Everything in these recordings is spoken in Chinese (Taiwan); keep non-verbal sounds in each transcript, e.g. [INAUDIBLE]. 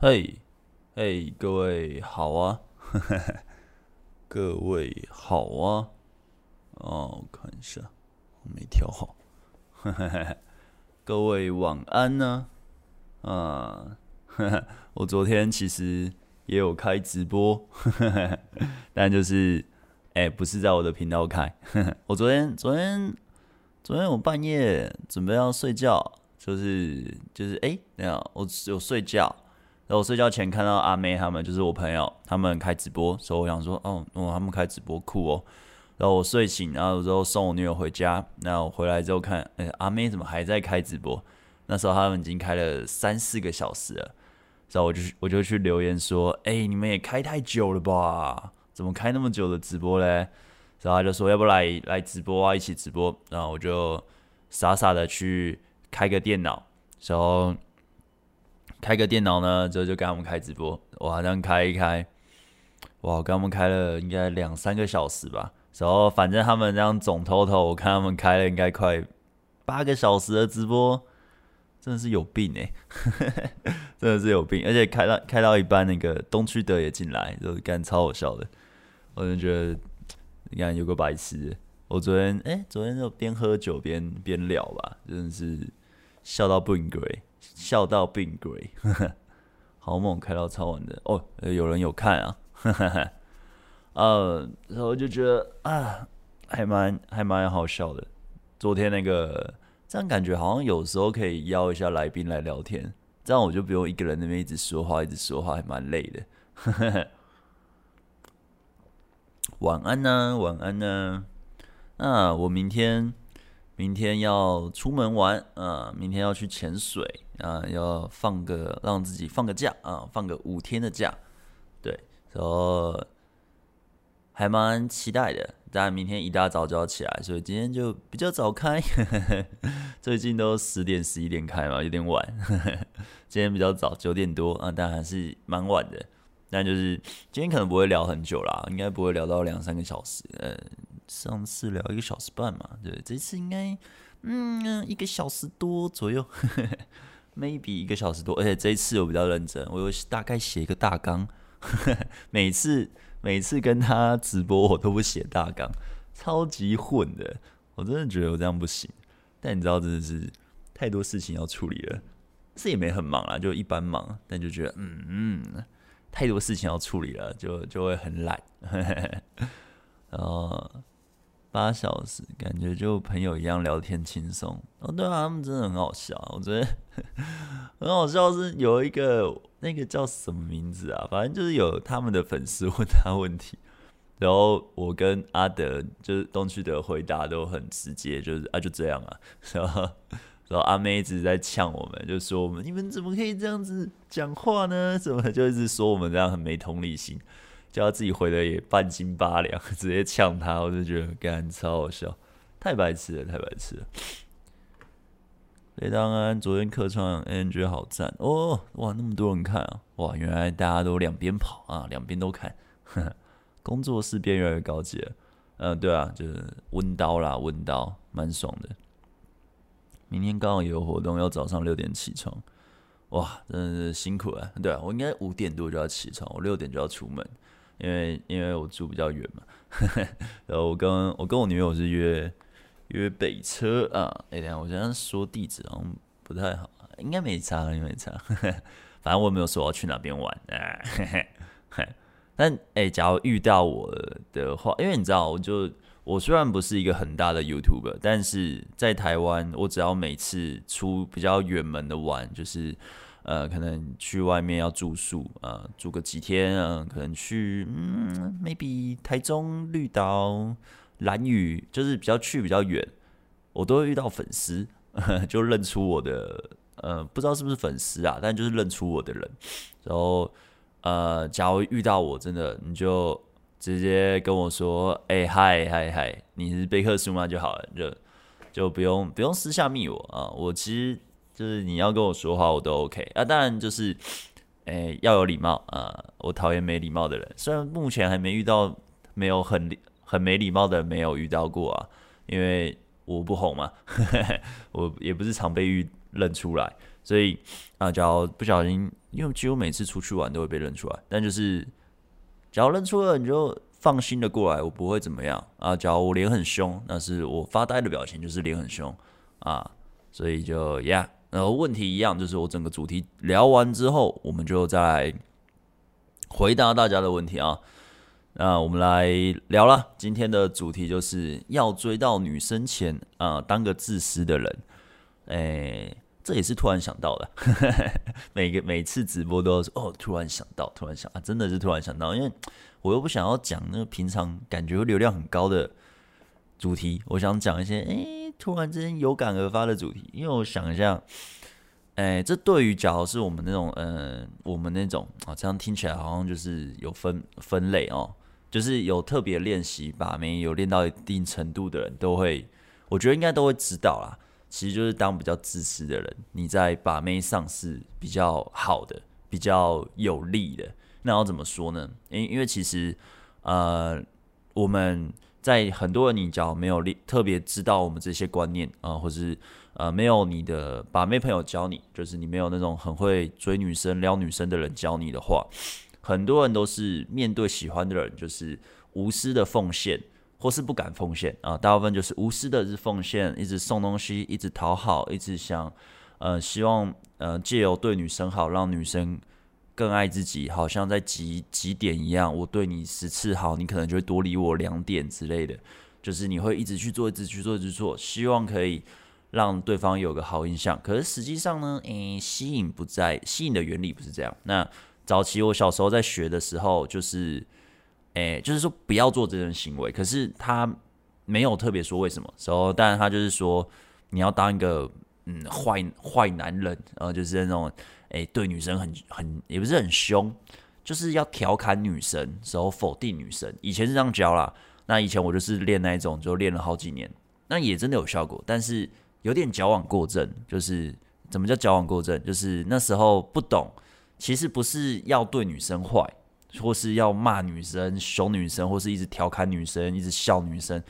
嘿，嘿，各位好啊，呵呵，各位好啊，哦，我看一下，我沒調好，呵呵，各位晚安呢、啊，啊、嗯，我昨天其實也有開直播，呵呵，但就是，哎、欸，不是在我的頻道開，呵呵，我昨天，昨天，昨天我半夜準備要睡覺，就是，就是，哎、欸，那樣，我有睡覺。然後我睡覺前看到阿妹他們，就是我朋友他們開直播，所以我想說，哦哦，他們開直播酷哦。然後我睡醒，然後我之後送我女友回家，那我回來之後看，哎、欸，阿妹怎麼還在開直播？那時候他們已經開了三四個小時了。然後我就我就去留言說，哎、欸，你們也開太久了吧？怎麼開那麼久的直播嘞？然後他就說，要不來來直播啊，一起直播。然後我就傻傻的去開個電腦，然後。開個電腦呢，之後就跟他們開直播，我好像開一開，哇，我跟他們開了應該兩三個小時吧，然後反正他們這樣總偷偷，我看他們開了應該快八個小時的直播，真的是有病哎、欸，真的是有病，而且開到開到一半，那個東區德也進來，就是幹超好笑的，我就覺得你看有個白痴，我昨天哎、欸，昨天就邊喝酒邊邊聊吧，真的是笑到不應該笑到病鬼，呵呵，好猛，開到超晚的哦、呃！有人有看啊？呵呵呃，然後就覺得啊，還蠻還蠻好笑的。昨天那個，這樣感覺好像有時候可以邀一下來賓來聊天，這樣我就不用一個人那邊一直說話，一直說話還蠻累的。晚安呢，晚安呢、啊。那、啊啊、我明天。明天要出門玩啊、呃！明天要去潛水啊、呃！要放個讓自己放個假啊、呃！放個五天的假，對，然後還蠻期待的。但明天一大早就要起來，所以今天就比較早開。呵呵，最近都十點十一點開嘛，有點晚。呵呵，今天比較早，九點多啊、呃，但還是蠻晚的。但就是今天可能不會聊很久啦，應該不會聊到兩三個小時，嗯、呃。上次聊一個小時半嘛，對，這次應該，嗯、呃，一個小時多左右，呵呵，maybe 一個小時多。而且這一次我比較認真，我有大概寫一個大綱。每次每次跟他直播，我都不寫大綱，超級混的。我真的覺得我這樣不行。但你知道，真的是太多事情要處理了。這也沒很忙啊，就一般忙，但就覺得嗯，嗯，太多事情要處理了，就就會很懶，然後。八小時，感覺就朋友一樣聊天輕鬆。哦，對啊，他們真的很好笑，啊，我覺得呵呵很好笑是有一個那個叫什麼名字啊？反正就是有他們的粉絲問他問題，然後我跟阿德就是東區的回答都很直接，就是啊就這樣啊，然後然後阿妹一直在嗆我們，就說我們你們怎麼可以這樣子講話呢？怎麼就是說我們這樣很沒同理心。叫他自己回的也半斤八兩，直接嗆他，我就覺得幹超好笑，太白痴了，太白痴了。雷當安昨天客串，N 覺得好贊哦！哇，那麼多人看啊！哇，原來大家都兩邊跑啊，兩邊都看呵呵。工作室邊越來越高級了。嗯、啊，對啊，就是溫刀啦，溫刀，蠻爽的。明天剛好也有活動，要早上六點起床。哇，真的是辛苦啊！對啊，我應該五點多就要起床，我六點就要出門。因為因為我住比較遠嘛，然後我跟我跟我女友是約約北車啊。哎，等下我這樣說地址好像不太好，應該沒差，應該沒差。呵呵，反正我也沒有說要去哪邊玩。啊、呵呵但哎，假如遇到我的話，因為你知道，我就我雖然不是一個很大的 YouTuber，但是在台灣，我只要每次出比較遠門的玩，就是。呃，可能去外面要住宿啊、呃，住個幾天啊、呃，可能去，嗯，maybe 台中綠島、蘭嶼，就是比較去比較遠，我都會遇到粉絲，就認出我的，呃，不知道是不是粉絲啊，但就是認出我的人，然後，呃，假如遇到我真的，你就直接跟我說，誒、欸，嗨嗨嗨，你是貝克書嗎？就好了，就就不用不用私下密我啊、呃，我其實。就是你要跟我說話，我都 OK 啊。當然就是，誒、欸、要有禮貌啊、呃，我討厭沒禮貌的人。雖然目前還沒遇到沒有很很沒禮貌的，沒有遇到過啊。因為我不紅嘛，呵呵我也不是常被遇認出來，所以啊，只要不小心，因為幾乎每次出去玩都會被認出來。但就是，只要認出了，你就放心的過來，我不會怎麼樣啊。只要我臉很凶，那是我發呆的表情，就是臉很凶啊。所以就呀。Yeah, 然後問題一樣，就是我整個主題聊完之後，我們就再回答大家的問題啊。那我們來聊了，今天的主題就是要追到女生前啊，呃，當個自私的人。哎，這也是突然想到的，呵呵，每個每次直播都是哦，突然想到，突然想啊，真的是突然想到，因為我又不想要講那個平常感覺流量很高的主題，我想講一些，哎。誒突然之間有感而發的主題，因為我想一下，哎、欸，這對於假如是我們那種，嗯、呃，我們那種啊，這樣聽起來好像就是有分分類哦，就是有特別練習把妹有練到一定程度的人都會，我覺得應該都會知道啦。其實就是當比較自私的人，你在把妹上是比較好的、比較有利的。那要怎麼說呢？因因為其實，呃，我們。在很多人，你只要沒有特別知道我們這些觀念啊、呃，或者是呃沒有你的把妹朋友教你，就是你沒有那種很會追女生、撩女生的人教你的話，很多人都是面對喜歡的人，就是無私的奉獻，或是不敢奉獻啊、呃。大部分就是無私的是奉獻，一直送東西，一直討好，一直想呃希望呃借由對女生好，讓女生。更愛自己，好像在集集點一樣。我對你十次好，你可能就會多理我兩點之類的。就是你會一直去做，一直去做，一直做，希望可以讓對方有個好印象。可是實際上呢，誒、欸，吸引不在，吸引的原理不是這樣。那早期我小時候在學的時候，就是，誒、欸，就是說不要做這種行為。可是他沒有特別說為什麼，So，但他就是說你要當一個嗯壞壞男人，然後，呃，就是那種。誒、欸，對女生很很，也不是很兇，就是要調侃女生，然後否定女生。以前是這樣教啦，那以前我就是練那一種，就練了好幾年，那也真的有效果，但是有點矯枉過正。就是怎麼叫矯枉過正？就是那時候不懂，其實不是要對女生壞，或是要罵女生、兇女生，或是一直調侃女生、一直笑女生，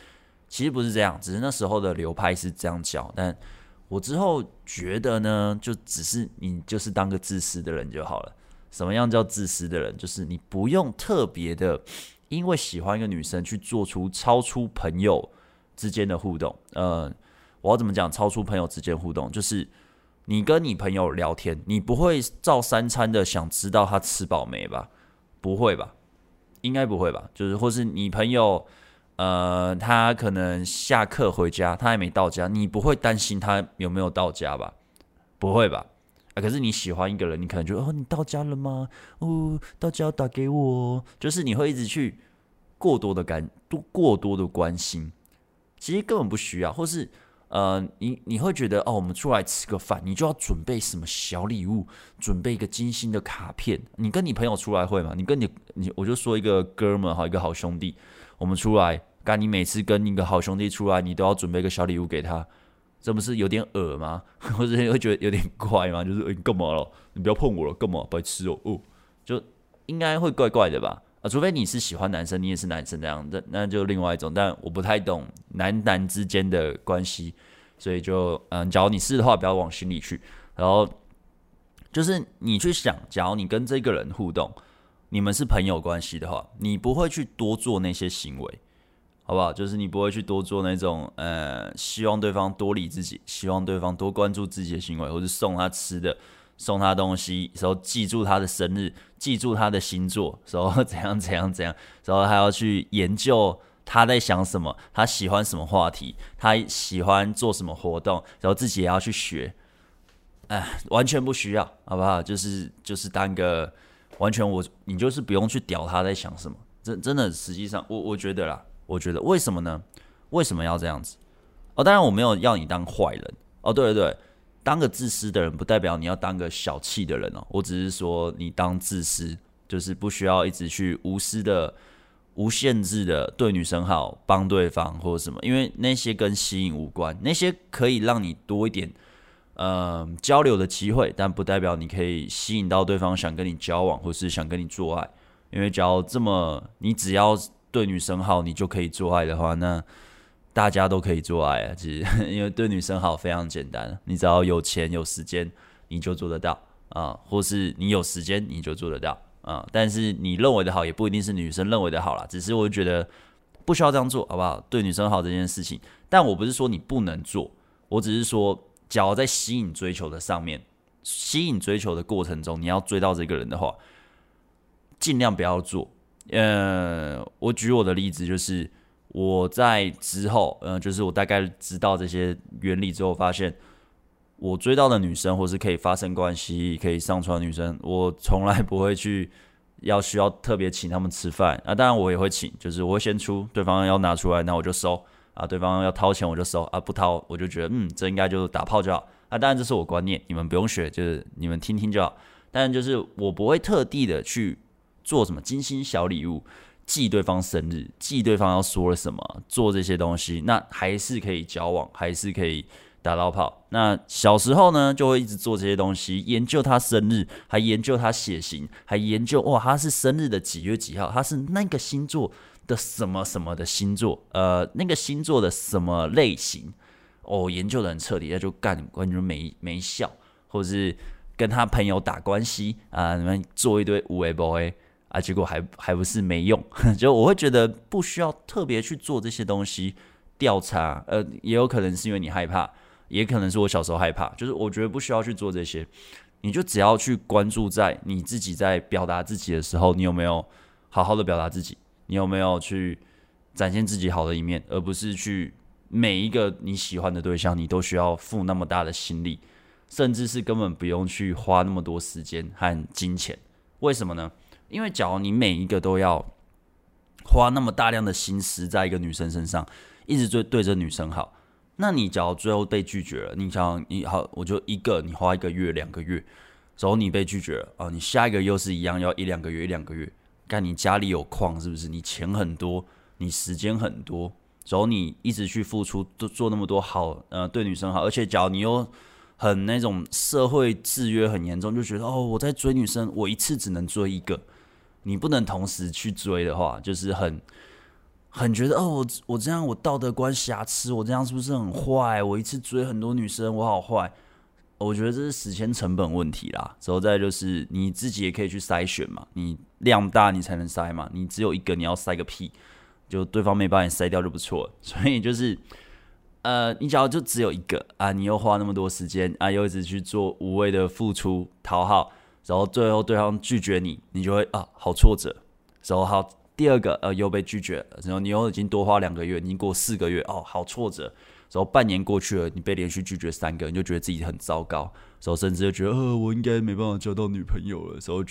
其實不是這樣，只是那時候的流派是這樣教，但。我之後覺得呢，就只是你就是當個自私的人就好了。什麼樣叫自私的人？就是你不用特別的，因為喜歡一個女生去做出超出朋友之間的互動。嗯、呃，我要怎麼講？超出朋友之間互動，就是你跟你朋友聊天，你不會照三餐的想知道他吃飽沒吧？不會吧？應該不會吧？就是或是你朋友。呃，他可能下課回家，他還沒到家，你不會擔心他有沒有到家吧？不會吧？啊、呃，可是你喜歡一個人，你可能覺得哦，你到家了嗎？哦，到家要打給我，就是你會一直去過多的感，過多的關心，其實根本不需要。或是呃，你你會覺得哦，我們出來吃個飯，你就要準備什麼小禮物，準備一個精心的卡片。你跟你朋友出來會嗎？你跟你你，我就說一個哥們哈，一個好兄弟。我們出來，幹你每次跟一個好兄弟出來，你都要準備個小禮物給他，這不是有點噁嗎？或者會覺得有點怪嗎？就是你、欸、幹嘛了？你不要碰我了，幹嘛？白痴哦，哦，就應該會怪怪的吧？啊，除非你是喜歡男生，你也是男生這樣那樣的，那就另外一種。但我不太懂男男之間的關係，所以就嗯、呃，假如你是的話，不要往心裡去。然後就是你去想，假如你跟這個人互動。你們是朋友關係的話，你不會去多做那些行為，好不好？就是你不會去多做那種呃，希望對方多理自己，希望對方多關注自己的行為，或是送他吃的、送他東西，然後記住他的生日，記住他的星座，然後怎樣怎樣怎樣，然後還要去研究他在想什麼，他喜歡什麼話題，他喜歡做什麼活動，然後自己也要去學，哎，完全不需要，好不好？就是就是當個。完全我你就是不用去屌他在想什麼，真真的實際上我我覺得啦，我覺得為什麼呢？為什麼要這樣子？哦，當然我沒有要你當壞人哦，對對對，當個自私的人不代表你要當個小氣的人哦，我只是說你當自私就是不需要一直去無私的、無限制的對女生好，幫對方或者什麼，因為那些跟吸引無關，那些可以讓你多一點。呃、嗯，交流的機會，但不代表你可以吸引到對方想跟你交往，或是想跟你做愛。因為只要這麼，你只要對女生好，你就可以做愛的話，那大家都可以做愛啊。其實，因為對女生好非常簡單，你只要有錢有時間，你就做得到啊、嗯；或是你有時間，你就做得到啊、嗯。但是你認為的好，也不一定是女生認為的好啦。只是我就覺得不需要這樣做，好不好？對女生好這件事情，但我不是說你不能做，我只是說。只要在吸引追求的上面，吸引追求的過程中，你要追到這個人的話，盡量不要做。呃，我舉我的例子就是，我在之後，呃，就是我大概知道這些原理之後，發現我追到的女生，或是可以發生關係、可以上床女生，我從來不會去要需要特別請他們吃飯。那、啊、當然我也會請，就是我會先出，對方要拿出來，那我就收。啊，對方要掏錢我就收，啊不掏我就覺得，嗯，這應該就是打炮就好。啊，當然這是我觀念，你們不用學，就是你們聽聽就好。但就是我不會特地的去做什麼精心小禮物，記對方生日，記對方要說了什麼，做這些東西，那還是可以交往，還是可以打到炮。那小時候呢，就會一直做這些東西，研究他生日，還研究他血型，還研究哇他是生日的幾月幾號，他是那個星座。的什麼什麼的星座，呃，那個星座的什麼類型，哦，研究得很徹底，那就幹，感覺沒沒效，或者是跟他朋友打關係啊，你、呃、們做一堆無為博啊，結果還還不是沒用，就我會覺得不需要特別去做這些東西調查，啊，呃，也有可能是因為你害怕，也可能是我小時候害怕，就是我覺得不需要去做這些，你就只要去關注在你自己在表達自己的時候，你有沒有好好的表達自己。你有沒有去展現自己好的一面，而不是去每一個你喜歡的對象，你都需要付那麼大的心力，甚至是根本不用去花那麼多時間和金錢？為什麼呢？因為假如你每一個都要花那麼大量的心思在一個女生身上，一直就對着女生好，那你只要最後被拒絕了，你想，你好，我就一個，你花一個月，兩個月，然後你被拒絕了啊，你下一個又是一樣，要一兩個月，一兩個月。看，你家裡有礦是不是？你錢很多，你時間很多，然後你一直去付出，都做那麼多好，呃，對女生好，而且假如你又很那種社會制約很嚴重，就覺得哦，我在追女生，我一次只能追一個，你不能同時去追的話，就是很很覺得哦，我我這樣我道德觀瑕疵，我這樣是不是很壞？我一次追很多女生，我好壞？我覺得這是時間成本問題啦，然後再就是你自己也可以去篩選嘛，你量大你才能篩嘛，你只有一個你要篩個屁，就對方沒把你篩掉就不錯，所以就是，呃，你假如就只有一個啊，你又花那麼多時間啊，又一直去做無謂的付出討好，然後最後對方拒絕你，你就會啊好挫折，然後好第二個呃、啊、又被拒絕了，然後你又已經多花兩個月，你已經過四個月哦、啊、好挫折。然後半年過去了，你被連續拒絕三個，你就覺得自己很糟糕，然後甚至就覺得，呃、哦，我應該沒辦法交到女朋友了。然後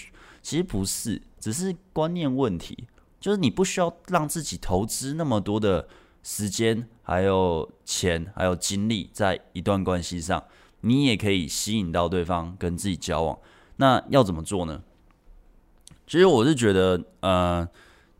其實不是，只是觀念問題，就是你不需要讓自己投資那麼多的時間、還有錢、還有精力在一段關係上，你也可以吸引到對方跟自己交往。那要怎麼做呢？其實我是覺得，呃，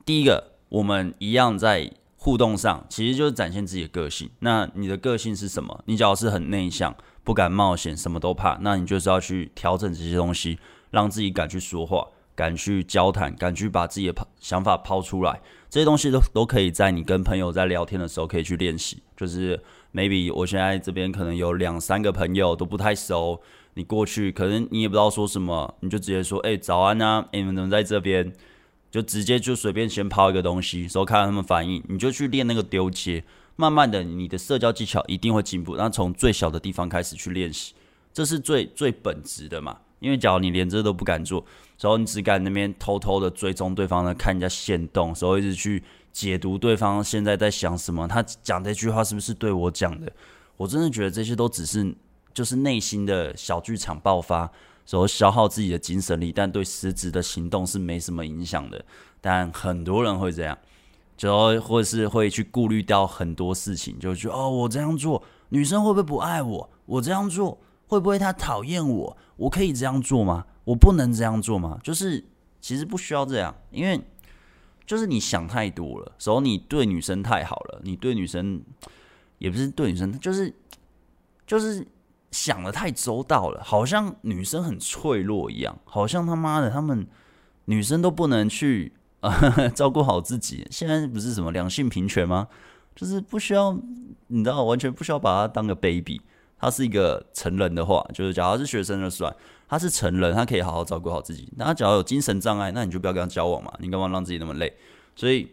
第一個，我們一樣在互動上其實就是展現自己的個性。那你的個性是什麼？你只要是很內向、不敢冒險、什麼都怕，那你就是要去調整這些東西，讓自己敢去說話、敢去交談、敢去把自己的想法拋出來。這些東西都都可以在你跟朋友在聊天的時候可以去練習。就是 maybe 我現在這邊可能有兩三個朋友都不太熟，你過去可能你也不知道說什麼，你就直接說：“哎，早安啊，你們怎麼在這邊？”就直接就隨便先拋一個東西，然後看到他們反應，你就去練那個丟接，慢慢的你的社交技巧一定會進步。那從最小的地方開始去練習，這是最最本質的嘛。因為假如你連這都不敢做，然後你只敢那邊偷偷的追蹤對方呢，看人家限動，然後一直去解讀對方現在在想什麼，他講這句話是不是對我講的？我真的覺得這些都只是就是內心的小劇場爆發。所消耗自己的精神力，但對實質的行動是沒什麼影響的。但很多人會這樣，就或者是會去顧慮到很多事情，就說哦，我這樣做，女生會不會不愛我？我這樣做會不會她討厭我？我可以這樣做嗎？我不能這樣做嗎？就是其實不需要這樣，因為就是你想太多了。所以你對女生太好了，你對女生也不是對女生，就是就是，想得太周到了，好像女生很脆弱一樣，好像他媽的他們女生都不能去、呃、呵呵照顧好自己。現在不是什麼兩性平權嗎？就是不需要，你知道，完全不需要把他當個 baby。他是一個成人的話，就是假如他是學生就算，他是成人，他可以好好照顧好自己。那他只要有精神障礙，那你就不要跟他交往嘛，你干嘛讓自己那麼累？所以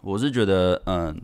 我是覺得，嗯、呃。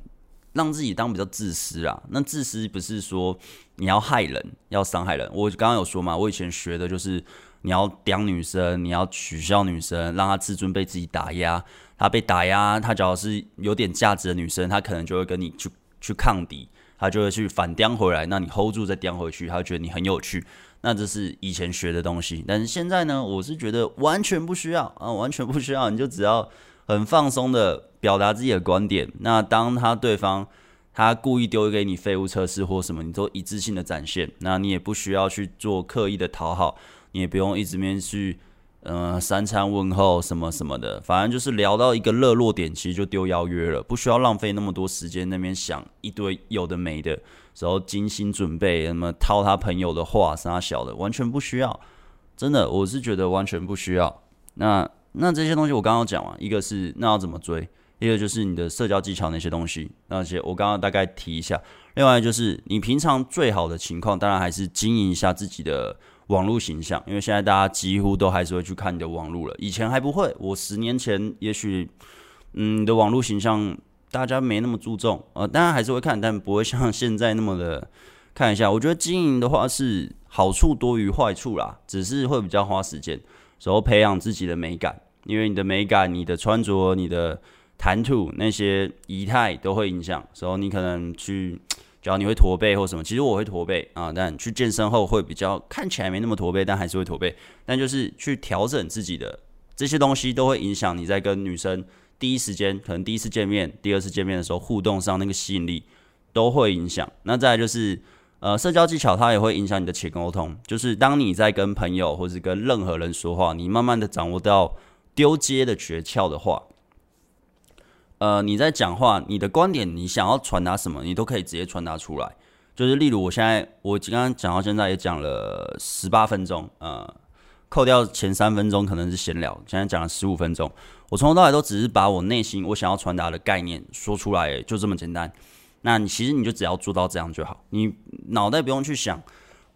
讓自己當比較自私啊，那自私不是說你要害人，要傷害人。我剛剛有說嘛，我以前學的就是你要刁女生，你要取笑女生，讓她自尊被自己打壓，她被打壓，她只要是有點價值的女生，她可能就會跟你去去抗敵，她就會去反刁回來，那你 hold 住再刁回去，她會覺得你很有趣，那這是以前學的東西。但是現在呢，我是覺得完全不需要啊，完全不需要，你就只要很放鬆的表達自己的觀點。那當他對方他故意丟給你廢物測試或什麼，你都一致性的展現。那你也不需要去做刻意的討好，你也不用一直面去嗯、呃、三餐問候什麼什麼的。反正就是聊到一個熱絡點，其實就丟邀約了，不需要浪費那麼多時間那邊想一堆有的沒的，然後精心準備什麼套他朋友的話，殺小的，完全不需要。真的，我是覺得完全不需要。那那這些東西我剛剛講完，一個是那要怎麼追。第二就是你的社交技巧那些東西，那些我剛剛大概提一下。另外就是你平常最好的情況，當然還是經營一下自己的網絡形象，因為現在大家幾乎都還是會去看你的網絡了。以前還不會，我十年前也許，嗯，你的網絡形象大家沒那麼注重，呃，當然還是會看，但不會像現在那麼的看一下。我覺得經營的話是好處多於壞處啦，只是會比較花時間，然後培養自己的美感，因為你的美感、你的穿着、你的。談吐那些儀態都會影響，所以你可能去，只要你會駝背或什麼，其實我會駝背啊，但去健身後會比較看起來沒那麼駝背，但還是會駝背。但就是去調整自己的這些東西，都會影響你在跟女生第一時間，可能第一次見面、第二次見面的時候互動上那個吸引力都會影響。那再來就是呃社交技巧，它也會影響你的潛溝通。就是當你在跟朋友或者跟任何人說話，你慢慢的掌握到丟接的訣竅的話。呃，你在講話，你的觀點，你想要傳達什麼，你都可以直接傳達出來。就是例如，我現在我剛剛講到現在也講了十八分鐘，呃，扣掉前三分鐘可能是閒聊，現在講了十五分鐘，我從頭到尾都只是把我內心我想要傳達的概念說出來，就這麼簡單。那你其實你就只要做到這樣就好，你腦袋不用去想，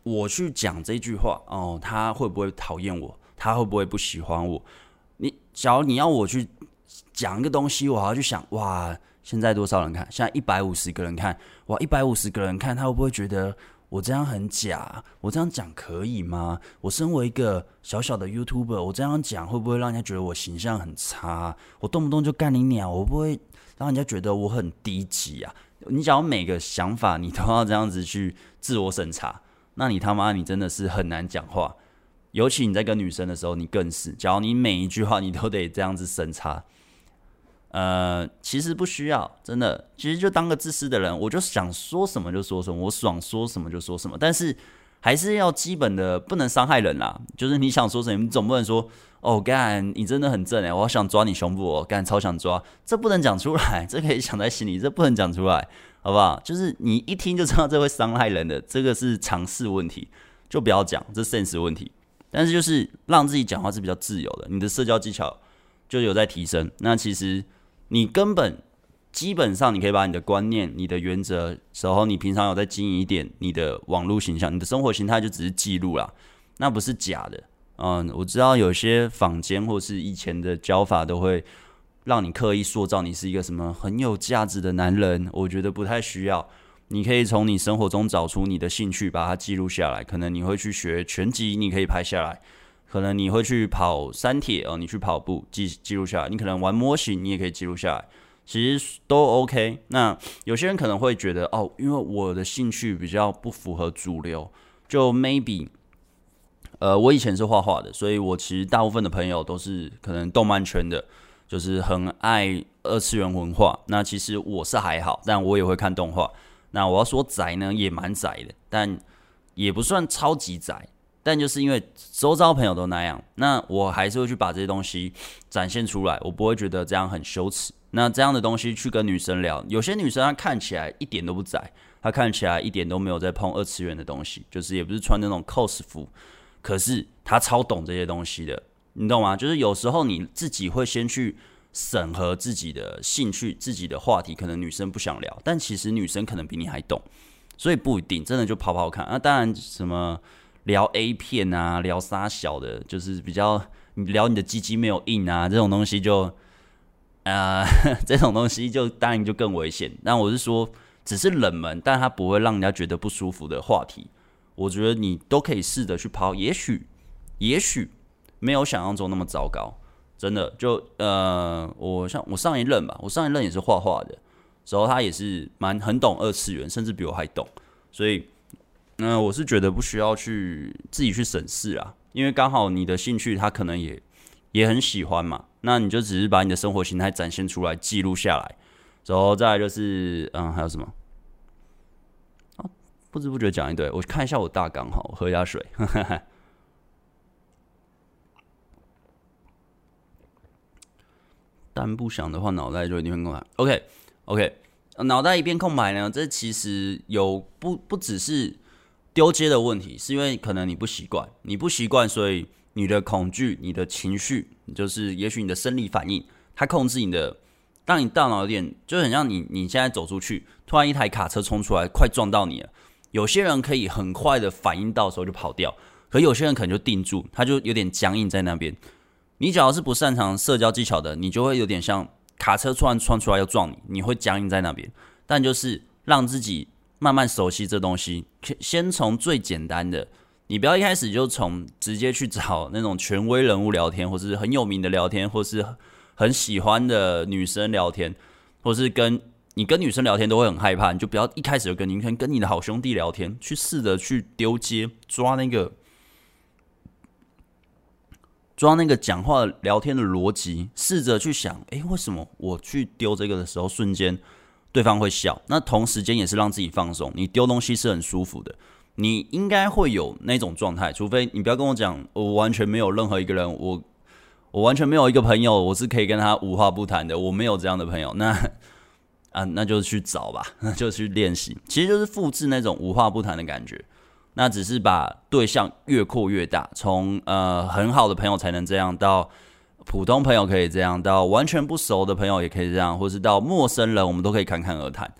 我去講這句話哦，他會不會討厭我，他會不會不喜歡我？你只要你要我去。講一個東西，我還要去想哇，現在多少人看？現在一百五十個人看哇，一百五十個人看，他會不會覺得我這樣很假？我這樣講可以嗎？我身為一個小小的 YouTuber，我這樣講會不會讓人家覺得我形象很差？我動不動就幹你鳥，我不會讓人家覺得我很低級啊！你只要每個想法你都要這樣子去自我審查，那你他媽你真的是很難講話，尤其你在跟女生的時候，你更是。假如你每一句話你都得這樣子審查。呃，其實不需要，真的，其實就當個自私的人，我就想說什麼就說什麼，我爽說什麼就說什麼。但是還是要基本的，不能傷害人啦。就是你想說什麼，你總不能說“哦幹，你真的很正哎、欸，我想抓你胸部、哦，幹超想抓”，這不能講出來，這可以想在心裡，這不能講出來，好不好？就是你一聽就知道這會傷害人的，這個是常識問題，就不要講，這是現實問題。但是就是讓自己講話是比較自由的，你的社交技巧就有在提升。那其實。你根本基本上，你可以把你的觀念、你的原則，然後你平常有在經營一點你的網絡形象、你的生活形態，就只是記錄啦。那不是假的。嗯，我知道有些坊間或是以前的教法都會讓你刻意塑造你是一個什麼很有價值的男人，我覺得不太需要。你可以從你生活中找出你的興趣，把它記錄下來，可能你會去學拳擊，你可以拍下來。可能你會去跑三鐵哦，你去跑步記記錄下來，你可能玩模型，你也可以記錄下來，其實都 OK。那有些人可能會覺得哦，因為我的興趣比較不符合主流，就 maybe，呃，我以前是畫畫的，所以我其實大部分的朋友都是可能動漫圈的，就是很愛二次元文化。那其實我是還好，但我也會看動畫。那我要說宅呢，也蠻宅的，但也不算超級宅。但就是因為周遭朋友都那樣，那我還是會去把這些東西展現出來，我不會覺得這樣很羞恥。那這樣的東西去跟女生聊，有些女生她看起來一點都不宅，她看起來一點都沒有在碰二次元的東西，就是也不是穿那種 cos 服，可是她超懂這些東西的，你懂嗎？就是有時候你自己會先去審核自己的興趣、自己的話題，可能女生不想聊，但其實女生可能比你還懂，所以不一定，真的就跑跑看。那、啊、當然什麼。聊 A 片啊，聊三小的，就是比較你聊你的雞雞沒有硬啊，這種東西就，呃，這種東西就當然就更危險。但我是說，只是冷門，但它不會讓人家覺得不舒服的話題，我覺得你都可以試着去拋，也許也許沒有想象中那麼糟糕。真的，就呃，我像我上一任吧，我上一任也是畫畫的，然後他也是蠻很懂二次元，甚至比我還懂，所以。那我是覺得不需要去自己去審視啊，因為剛好你的興趣他可能也也很喜歡嘛，那你就只是把你的生活形態展現出來，記錄下來，然後再來就是，嗯，還有什麼？啊，不知不覺講一堆，我看一下我大綱，好，我喝一下水。但不想的話，腦袋就一定會空白。OK，OK，腦袋一片空白呢，這其實有不不只是。丟接的問題是因為可能你不習慣，你不習慣，所以你的恐懼、你的情緒，就是也許你的生理反應，它控制你的，當你大腦有點，就很像你你現在走出去，突然一台卡車衝出來，快撞到你了。有些人可以很快的反應，到時候就跑掉，可有些人可能就定住，他就有點僵硬在那邊。你只要是不擅長社交技巧的，你就會有點像卡車突然竄出來要撞你，你會僵硬在那邊。但就是讓自己。慢慢熟悉這東西，先從最簡單的。你不要一開始就從直接去找那種權威人物聊天，或是很有名的聊天，或是很喜歡的女生聊天，或是跟你跟女生聊天都會很害怕。你就不要一開始就跟女生，你跟你的好兄弟聊天，去試着去丟接抓那個抓那個講話聊天的邏輯，試着去想，哎，為什麼我去丟這個的時候瞬間。對方會笑，那同時間也是讓自己放鬆。你丟東西是很舒服的，你應該會有那種狀態，除非你不要跟我講，我完全沒有任何一個人，我我完全沒有一個朋友，我是可以跟他無話不談的，我沒有這樣的朋友。那啊，那就去找吧，那就去練習，其實就是複製那種無話不談的感覺。那只是把對象越擴越大，從呃很好的朋友才能這樣到。普通朋友可以這樣，到完全不熟的朋友也可以這樣，或是到陌生人，我們都可以侃侃而談。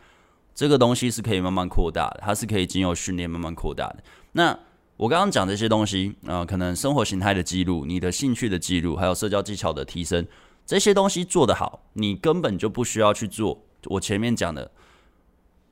這個東西是可以慢慢擴大的，它是可以經由訓練慢慢擴大的。那我剛剛講這些東西啊、呃，可能生活形態的記錄、你的興趣的記錄，還有社交技巧的提升，這些東西做得好，你根本就不需要去做。我前面講的，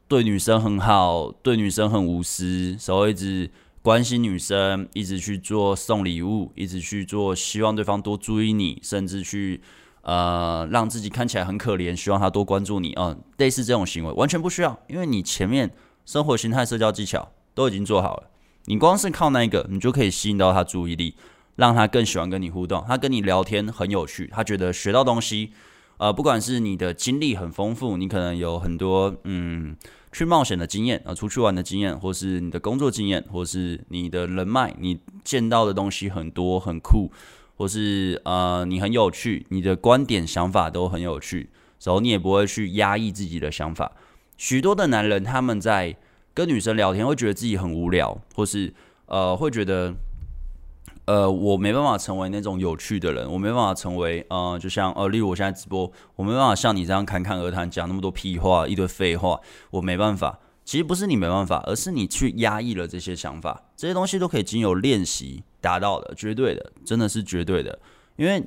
對女生很好，對女生很無私，所以一直。關心女生，一直去做送禮物，一直去做，希望對方多注意你，甚至去呃讓自己看起來很可憐，希望他多關注你。嗯，類似這種行為完全不需要，因為你前面生活形態、社交技巧都已經做好了，你光是靠那個，你就可以吸引到他注意力，讓他更喜歡跟你互動，他跟你聊天很有趣，他覺得學到東西。呃，不管是你的經歷很豐富，你可能有很多嗯去冒險的經驗，呃，出去玩的經驗，或是你的工作經驗，或是你的人脈，你見到的東西很多很酷，或是呃你很有趣，你的觀點想法都很有趣，然後你也不會去壓抑自己的想法。許多的男人他們在跟女生聊天會覺得自己很無聊，或是呃會覺得。呃，我沒辦法成為那種有趣的人，我沒辦法成為呃，就像呃，例如我現在直播，我沒辦法像你這樣侃侃而談，講那麼多屁話，一堆廢話，我沒辦法。其實不是你沒辦法，而是你去壓抑了這些想法，這些東西都可以經由練習達到的，絕對的，真的是絕對的。因為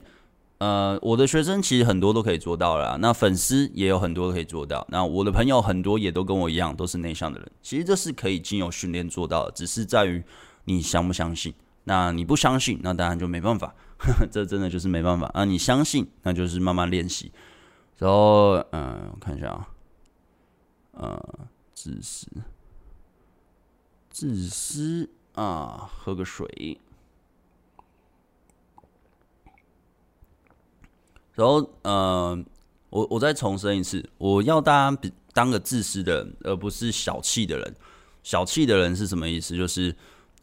呃，我的學生其實很多都可以做到啦，那粉絲也有很多都可以做到，那我的朋友很多也都跟我一樣，都是內向的人，其實這是可以經由訓練做到的，只是在於你相不相信。那你不相信，那當然就沒辦法， [LAUGHS] 這真的就是沒辦法啊！你相信，那就是慢慢練習。然後，so, 呃，嗯，我看一下啊，呃，自私，自私啊，喝個水。然後，嗯，我我再重申一次，我要大家當個自私的人，而不是小氣的人。小氣的人是什麼意思？就是。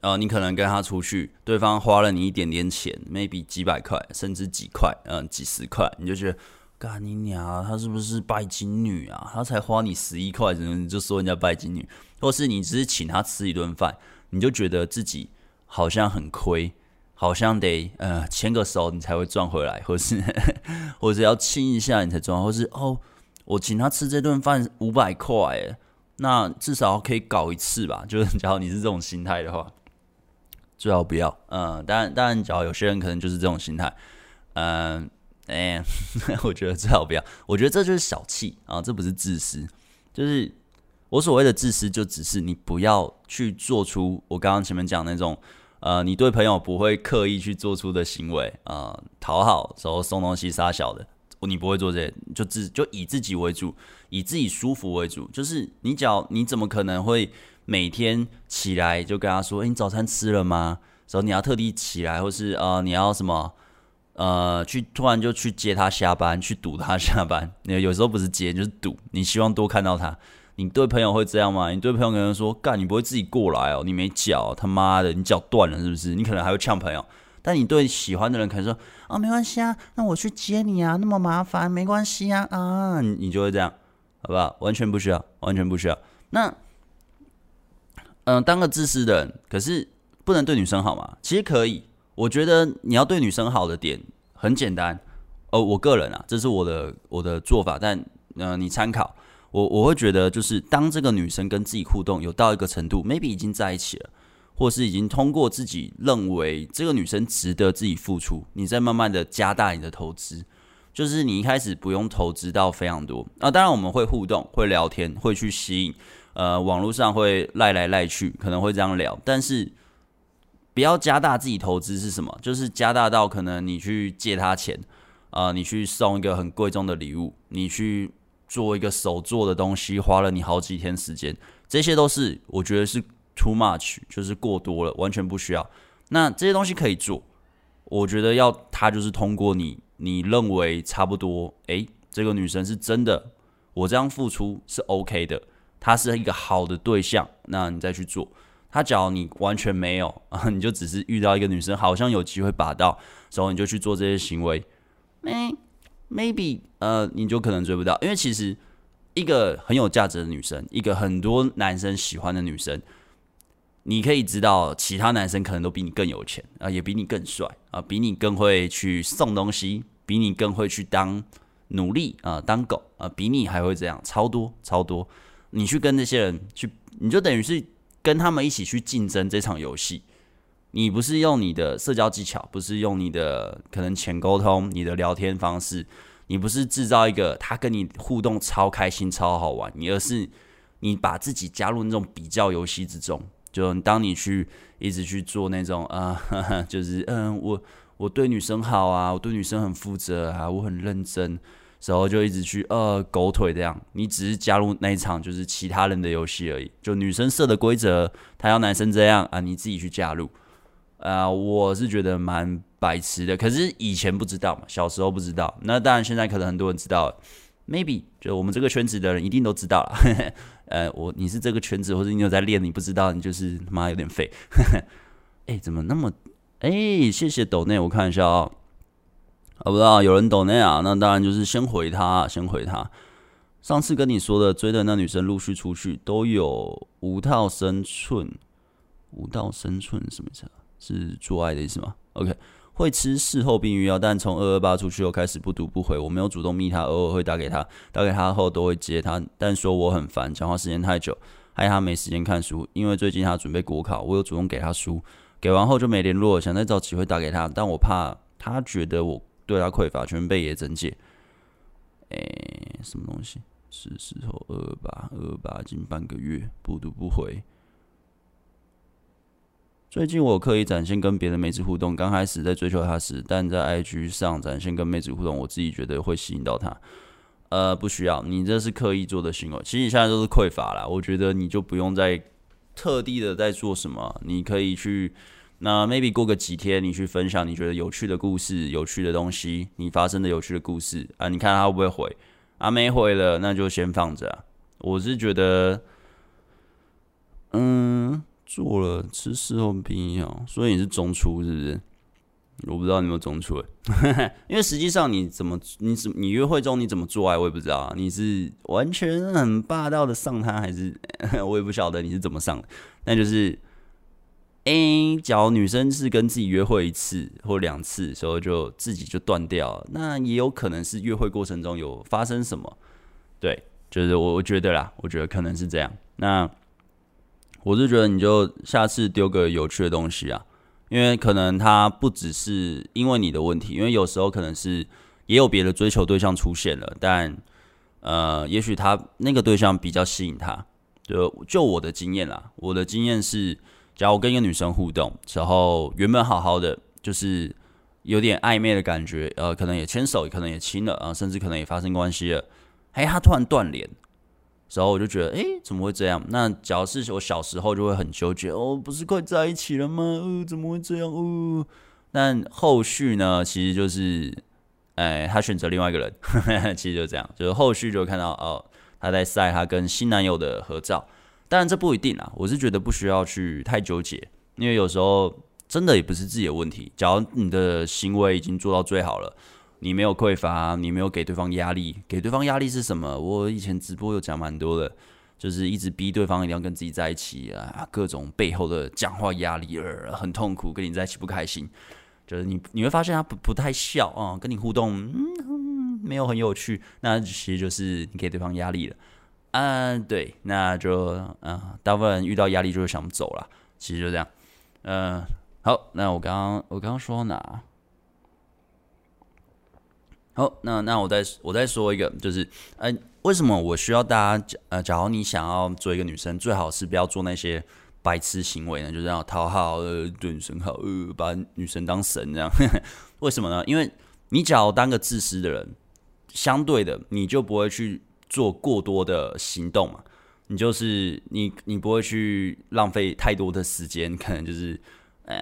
呃，你可能跟他出去，對方花了你一點點錢，maybe 幾百塊，甚至幾塊，嗯、呃，幾十塊，你就覺得，幹你娘，他是不是拜金女啊？他才花你十一塊，什麼，你就說人家拜金女，或是你只是請他吃一頓飯，你就覺得自己好像很虧，好像得呃牽個手你才會賺回來，或是，呵呵或者要親一下你才賺，或是哦，我請他吃這頓飯五百塊，那至少可以搞一次吧，就是假如你是這種心態的話。最好不要，嗯、呃，當然當然，只要有些人可能就是這種心態，嗯、呃，哎、欸，我覺得最好不要，我覺得這就是小氣啊、呃，這不是自私，就是我所謂的自私，就只是你不要去做出我剛剛前面講的那種，呃，你對朋友不會刻意去做出的行為啊，討、呃、好然後送東西殺小的，你不會做這些，就自就以自己為主，以自己舒服為主，就是你只要你怎麼可能會。每天起來就跟他說：“哎，你早餐吃了嗎？”然後你要特地起來，或是呃，你要什麼呃，去突然就去接他下班，去堵他下班。你有，有時候不是接就是堵，你希望多看到他。你對朋友會這樣嗎？你對朋友可能說：“幹，你不會自己過來哦，你沒腳，他媽的，你腳斷了是不是？”你可能還會嗆朋友。但你對喜歡的人可能說：“啊，沒關係啊，那我去接你啊，那麼麻煩沒關係啊啊。”啊，你，你就會這樣，好不好？完全不需要，完全不需要。那。嗯、呃，當個自私的人，可是不能對女生好嘛？其實可以，我覺得你要對女生好的點很簡單。哦、呃，我個人啊，這是我的我的做法，但嗯、呃，你參考我，我會覺得就是當這個女生跟自己互動有到一個程度，maybe 已經在一起了，或是已經通過自己認為這個女生值得自己付出，你再慢慢的加大你的投資，就是你一開始不用投資到非常多啊、呃。當然我們會互動、會聊天、會去吸引。呃，網絡上會賴來賴去，可能會這樣聊，但是不要加大自己投資是什麼？就是加大到可能你去借他錢，啊、呃，你去送一個很貴重的禮物，你去做一個手做的東西，花了你好幾天時間，這些都是我覺得是 too much，就是過多了，完全不需要。那這些東西可以做，我覺得要他就是通過你，你認為差不多，誒、欸，這個女生是真的，我這樣付出是 OK 的。她是一個好的對象，那你再去做。她假如你完全沒有、啊，你就只是遇到一個女生，好像有機會把到，所以你就去做這些行為，may maybe 呃、啊，你就可能追不到，因為其實一個很有價值的女生，一個很多男生喜歡的女生，你可以知道，其他男生可能都比你更有錢啊，也比你更帥啊，比你更會去送東西，比你更會去當奴隸啊，當狗啊，比你還會這樣，超多超多。你去跟那些人去，你就等於是跟他們一起去競爭這場遊戲。你不是用你的社交技巧，不是用你的可能淺溝通、你的聊天方式，你不是制造一個他跟你互動超開心、超好玩，你而是你把自己加入那種比較遊戲之中。就當你去一直去做那種啊、呃，就是嗯、呃，我我對女生好啊，我對女生很負責啊，我很認真。然後就一直去呃狗腿這樣，你只是加入那一場就是其他人的遊戲而已，就女生設的規則，她要男生這樣啊，你自己去加入啊。呃，我是覺得蠻白痴的。可是以前不知道嘛，小時候不知道，那當然現在可能很多人知道了，maybe 就我們這個圈子的人一定都知道了。 [LAUGHS] 呃，我你是這個圈子，或者你有在練，你不知道，你就是他媽有點廢。哎， [LAUGHS] 怎麼那麼誒，謝謝抖內，我看一下哦。找不到有人懂那啊，那當然就是先回他，先回他。上次跟你說的追的那女生陸續出去，都有無套身寸，無套身寸什麼意思？是做愛的意思嗎？OK，會吃事後避孕藥，但從二二八出去又開始不讀不回。我沒有主動密他，偶爾會打給他，打給他後都會接他，但說我很煩，講話時間太久，害他沒時間看書。因為最近他準備國考，我有主動給他書，給完後就沒聯絡，想再找機會打給他，但我怕他覺得我。對他匱乏，全被也整解。哎，什麼東西？是時候二八二八近半個月不讀不回。最近我刻意展現跟別的妹子互動，剛開始在追求他時，但在 IG 上展現跟妹子互動，我自己覺得會吸引到他。呃，不需要，你這是刻意做的行為。其實你現在都是匱乏了，我覺得你就不用再特地的在做什麼，你可以去。那 maybe 過個幾天，你去分享你覺得有趣的故事、有趣的東西，你發生的有趣的故事啊，你看他會不會回啊？沒回了，那就先放着啊。我是覺得，嗯，做了吃事後避孕藥，所以你是中出是不是？我不知道你有沒有中出， [LAUGHS] 因為實際上你怎麼你怎你約會中你怎麼做啊，我也不知道啊。你是完全很霸道的上他，還是、欸、我也不曉得你是怎麼上的？那就是。欸，假如女生是跟自己約會一次或兩次時候，就自己就斷掉了，那也有可能是約會過程中有發生什麼。對，就是我我覺得啦，我覺得可能是這樣。那我是覺得你就下次丟個有趣的東西啊，因為可能他不只是因為你的問題，因為有時候可能是也有別的追求對象出現了，但呃，也許他那個對象比較吸引他。就就我的經驗啦，我的經驗是。假如我跟一個女生互動，然後原本好好的，就是有點曖昧的感覺，呃，可能也牽手，可能也親了，啊、呃，甚至可能也發生關係了。哎、欸，她突然斷聯，然後我就覺得，誒、欸，怎麼會這樣？那假如是，我小時候就會很糾結，哦，不是快在一起了嗎？呃，怎麼會這樣？哦、呃，但後續呢？其實就是，誒、欸，他選擇另外一個人， [LAUGHS] 其實就這樣，就是後續就看到哦，他在曬他跟新男友的合照。當然這不一定啊，我是覺得不需要去太糾結，因為有時候真的也不是自己的問題。假如你的行為已經做到最好了，你沒有匱乏，你沒有給對方壓力。給對方壓力是什麼？我以前直播有講蠻多的，就是一直逼對方一定要跟自己在一起啊，各種背後的講話壓力，而、呃、很痛苦，跟你在一起不開心，就是你你會發現他不不太笑啊，跟你互動嗯，嗯，沒有很有趣，那其實就是你給對方壓力了。嗯、啊，對，那就嗯、啊，大部分人遇到壓力就會想走了，其實就這樣。嗯、啊，好，那我剛，剛我剛剛說到哪？好，那那我再我再說一個，就是，呃、啊，為什麼我需要大家，呃、啊，假如你想要做一個女生，最好是不要做那些白痴行為呢？就是要討好，呃，對女生好，呃，把女生當神這樣。 [LAUGHS] 為什麼呢？因為你只要當個自私的人，相對的，你就不會去。做過多的行動嘛，你就是你，你不會去浪費太多的時間，可能就是呃，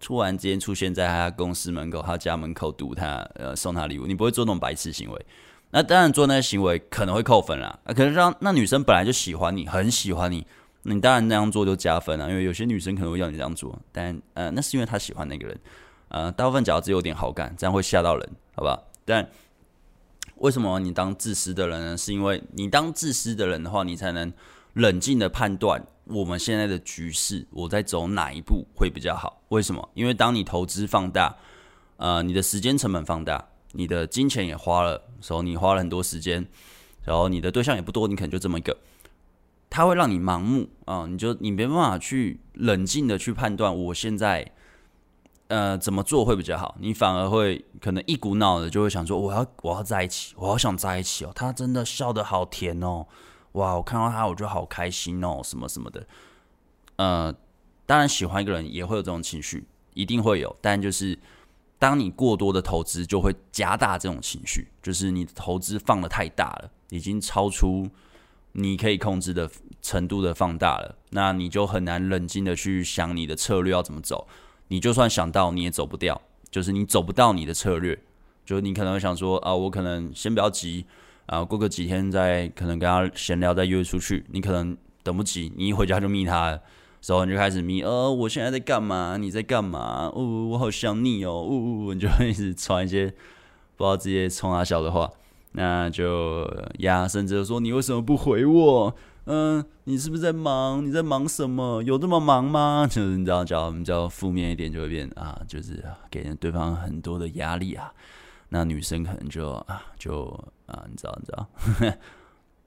突然之間出現在他公司門口、他家門口堵他，呃，送他禮物，你不會做那種白痴行為。那當然做那些行為可能會扣分啦。啊、呃，可是讓那女生本來就喜歡你，很喜歡你，你當然那樣做就加分了、啊，因為有些女生可能會要你這樣做，但呃，那是因為她喜歡那個人，呃，大部分假如只有點好感，這樣會嚇到人，好不好？但為什麼你當自私的人呢？是因為你當自私的人的話，你才能冷靜的判斷我們現在的局勢，我在走哪一步會比較好？為什麼？因為當你投資放大，呃，你的時間成本放大，你的金錢也花了，時候你花了很多時間，然後你的對象也不多，你可能就這麼一個，他會讓你盲目啊、呃，你就你沒辦法去冷靜的去判斷我現在。呃，怎麼做會比較好？你反而會可能一股腦的就會想說，我要我要在一起，我好想在一起哦。他真的笑得好甜哦，哇，我看到他我就好開心哦，什麼什麼的。呃，當然喜歡一個人也會有這種情緒，一定會有。但就是，當你過多的投資就會加大這種情緒，就是你的投資放得太大了，已經超出你可以控制的程度的放大了，那你就很難冷靜的去想你的策略要怎麼走。你就算想到，你也走不掉，就是你走不到你的策略。就是你可能會想說啊，我可能先不要急啊，過個幾天再可能跟他閒聊，再約出去。你可能等不及，你一回家就密他了，然後你就開始密。呃、哦，我現在在幹嘛？你在幹嘛？嗚、哦，我好想你哦，嗚、哦、嗚，你就一直傳一些不知道自己衝他笑的話，那就呀，甚至說，你為什麼不回我？嗯，你是不是在忙？你在忙什麼？有這麼忙嗎？就是你知道，假如我們叫負面一點，就會變啊，就是給人對方很多的壓力啊。那女生可能就啊，就啊，你知道，你知道呵呵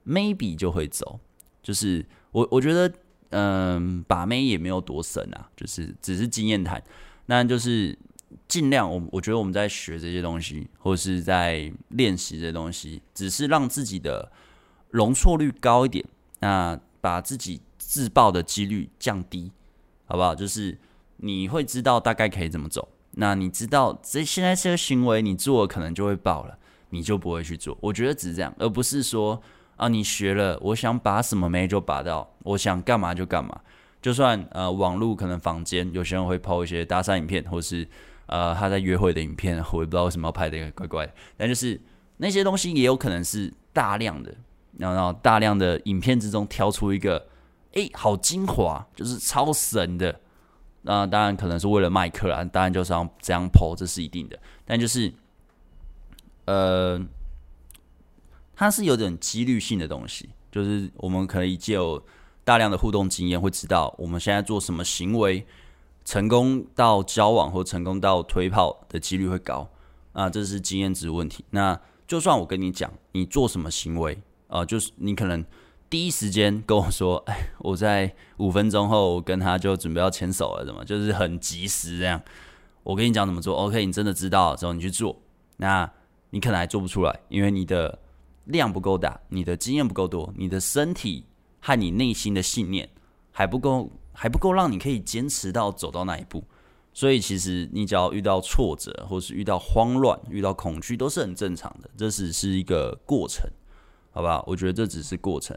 ，maybe 就會走。就是我，我覺得，嗯，把妹也沒有多神啊，就是只是經驗談。那就是盡量，我我覺得我們在學這些東西，或是在練習這些東西，只是讓自己的容錯率高一點。那把自己自爆的幾率降低，好不好？就是你會知道大概可以怎麼走。那你知道這現在這個行為你做了可能就會爆了，你就不會去做。我覺得只是這樣，而不是說啊，你學了，我想把什麼妹就把到，我想幹嘛就幹嘛。就算呃，網絡可能房間有些人會拋一些搭訕影片，或是呃他在約會的影片，我也不知道為什麼要拍的怪怪的。但就是那些東西也有可能是大量的。然後，然後大量的影片之中挑出一個，誒，好精華，就是超神的。那、啊、當然可能是為了賣課啦，當然就是要這樣剖，這是一定的。但就是，呃，它是有點幾率性的東西，就是我們可以借由大量的互動經驗，會知道我們現在做什麼行為，成功到交往或成功到推炮的幾率會高。啊，這是經驗值問題。那就算我跟你講，你做什麼行為？啊、呃，就是你可能第一時間跟我說，哎，我在五分鐘後跟他就準備要牽手了，怎麼就是很及時這樣？我跟你講怎麼做，OK？你真的知道之後你去做，那你可能還做不出來，因為你的量不夠大，你的經驗不夠多，你的身體和你內心的信念還不夠，還不夠讓你可以堅持到走到那一步。所以其實你只要遇到挫折，或是遇到慌亂、遇到恐懼，都是很正常的，這只是一個過程。好不好？我覺得這只是過程。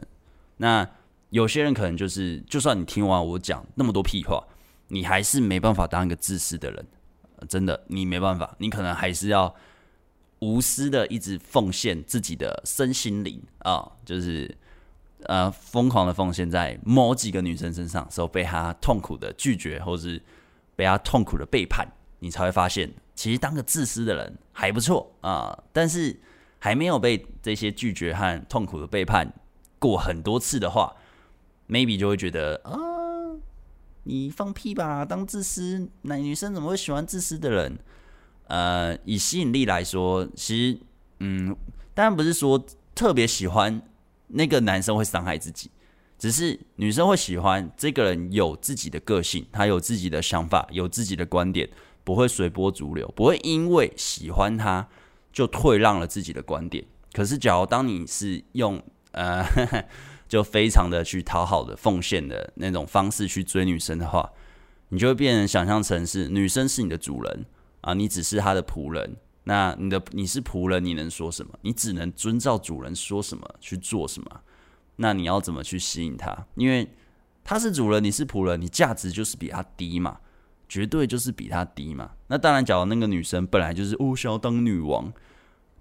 那有些人可能就是，就算你聽完我講那麼多屁話，你還是沒辦法當一個自私的人，呃、真的，你沒辦法。你可能還是要無私的一直奉獻自己的身心靈啊、呃，就是呃，瘋狂的奉獻在某幾個女生身上，之後被她痛苦的拒絕，或是被她痛苦的背叛，你才會發現，其實當個自私的人還不錯啊、呃。但是。還沒有被這些拒絕和痛苦的背叛過很多次的話，maybe 就會覺得啊，你放屁吧，當自私，那女生怎麼會喜歡自私的人？呃，以吸引力來說，其實嗯，當然不是說特別喜歡那個男生會傷害自己，只是女生會喜歡這個人有自己的個性，他有自己的想法，有自己的觀點，不會隨波逐流，不會因為喜歡他。就退讓了自己的觀點。可是，假如當你是用呃， [LAUGHS] 就非常的去討好的奉獻的那種方式去追女生的話，你就會變成想象成是女生是你的主人啊，你只是她的僕人。那你的你是僕人，你能說什麼？你只能遵照主人說什麼去做什麼。那你要怎麼去吸引她？因為她是主人，你是僕人，你價值就是比她低嘛，絕對就是比她低嘛。那當然，講，那個女生本來就是哦，想要當女王，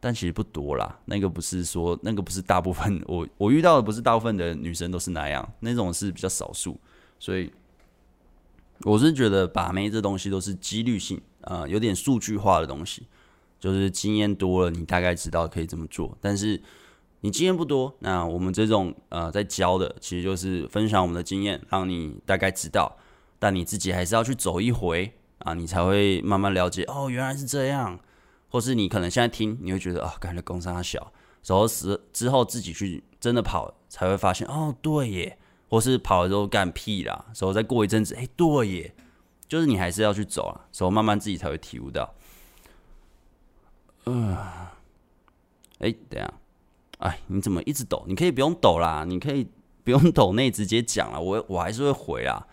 但其實不多啦。那個不是說，那個不是大部分。我我遇到的不是大部分的女生都是那樣，那種是比較少數。所以，我是覺得把妹這東西都是幾率性，呃，有點數據化的東西。就是經驗多了，你大概知道可以怎麼做。但是你經驗不多，那我們這種呃在教的，其實就是分享我們的經驗，讓你大概知道。但你自己還是要去走一回。啊，你才會慢慢了解哦，原來是這樣。或是你可能現在聽，你會覺得啊，哦，感覺供三小，然後時之後自己去真的跑才會發現哦，對耶。或是跑了之後幹屁啦，然後再過一陣子，哎，對耶，就是你還是要去走啊，然後慢慢自己才會體悟到。嗯、呃，哎，等下，哎，你怎麼一直抖？你可以不用抖啦，你可以不用抖，那直接講啦，我我還是會回啊。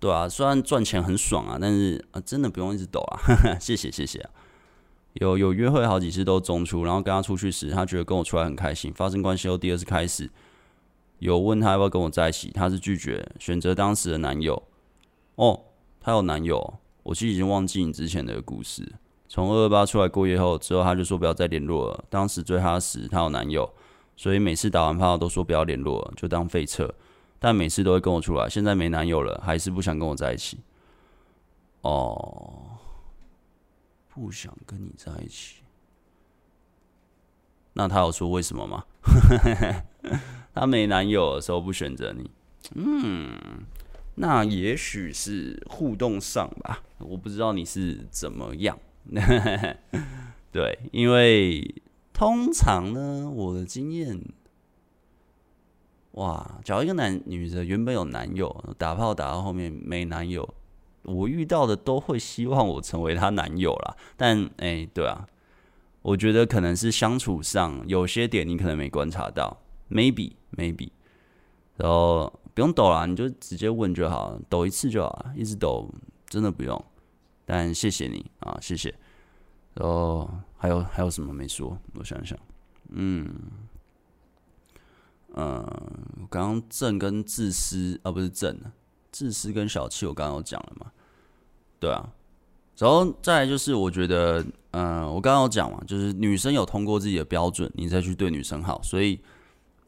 對啊，雖然賺錢很爽啊，但是，啊，真的不用一直抖啊。哈哈，謝謝謝謝啊。有，有約會好幾次都中出，然後跟她出去時，她覺得跟我出來很開心。發生關係後第二次開始，有問她要不要跟我在一起，她是拒絕，選擇當時的男友。哦，她有男友，我其實已經忘記你之前的故事。從二二八出來過夜後之後，她就說不要再聯絡了。當時追她時她有男友，所以每次打完炮都說不要聯絡了，就當廢車。但每次都會跟我出來，現在沒男友了，還是不想跟我在一起。哦，不想跟你在一起，那他有說為什麼嗎？ [LAUGHS] 他沒男友的時候不選擇你，嗯，那也許是互動上吧，我不知道你是怎麼樣。 [LAUGHS] 對，因為通常呢，我的經驗。哇，找一個男女的原本有男友，打炮打到後面沒男友，我遇到的都會希望我成為她男友啦。但哎、欸，對啊，我覺得可能是相處上有些點你可能沒觀察到，maybe maybe。然後不用抖啦，你就直接問就好，抖一次就好，一直抖，真的不用。但謝謝你啊，謝謝。然後還有還有什麼沒說？我想想，嗯。嗯、呃，我剛剛正跟自私啊，不是正，自私跟小氣，我剛剛有講了嘛，對啊。然後再來就是，我覺得，嗯、呃，我剛剛有講嘛，就是女生有通過自己的標準，你再去對女生好。所以，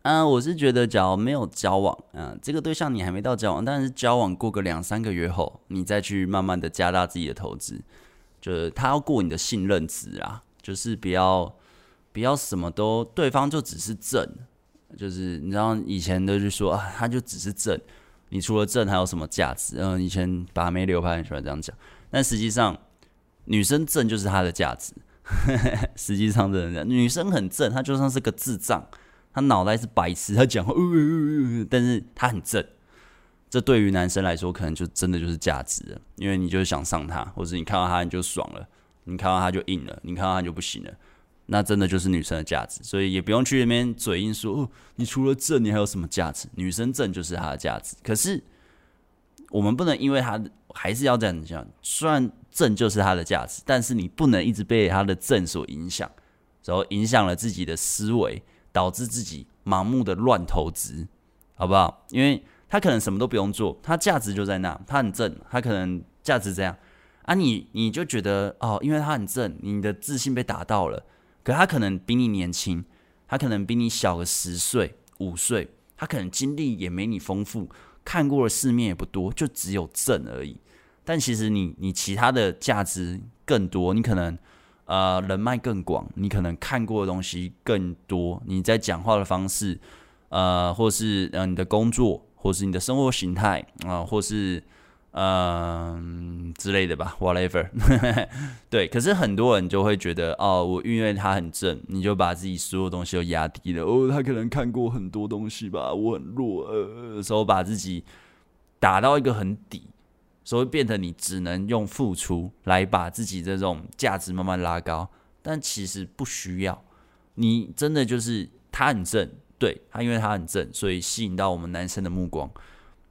嗯、呃，我是覺得，假如沒有交往，嗯、呃，這個對象你還沒到交往，但是交往過個兩三個月後，你再去慢慢的加大自己的投資，就是他要過你的信任值啊，就是不要不要什麼都，對方就只是正。就是你知道以前都是說啊，他就只是正，你除了正還有什麼價值？嗯，以前把妹流派很喜歡這樣講，但實際上女生正就是她的價值。 [LAUGHS] 實際上真的，女生很正，她就像是個智障，她腦袋是白痴，她講話，但是她很正。這對於男生來說，可能就真的就是價值了，因為你就想上他，或者你看到他你就爽了，你看到他就硬了，你看到他就不行了。那真的就是女生的價值，所以也不用去那邊嘴硬說哦，你除了正，你還有什麼價值？女生正就是她的價值。可是我們不能因為她還是要這樣想，雖然正就是她的價值，但是你不能一直被她的正所影響，然後影響了自己的思維，導致自己盲目的亂投資，好不好？因為她可能什麼都不用做，她價值就在那，她很正，她可能價值這樣啊你，你你就覺得哦，因為她很正，你的自信被打到了。可他可能比你年輕，他可能比你小個十歲、五歲，他可能經歷也沒你豐富，看過的世面也不多，就只有正而已。但其實你，你其他的價值更多，你可能呃人脈更廣，你可能看過的東西更多，你在講話的方式，呃，或是嗯、呃、你的工作，或是你的生活形態啊，或是。嗯、um, 之類的吧，whatever。 [LAUGHS] 對，可是很多人就會覺得，哦，我因為他很正，你就把自己所有東西都壓低了。哦，他可能看過很多東西吧，我很弱，呃，所以把自己打到一個很低，所以變成你只能用付出來把自己這種價值慢慢拉高。但其實不需要，你真的就是他很正，對他，因為他很正，所以吸引到我們男生的目光。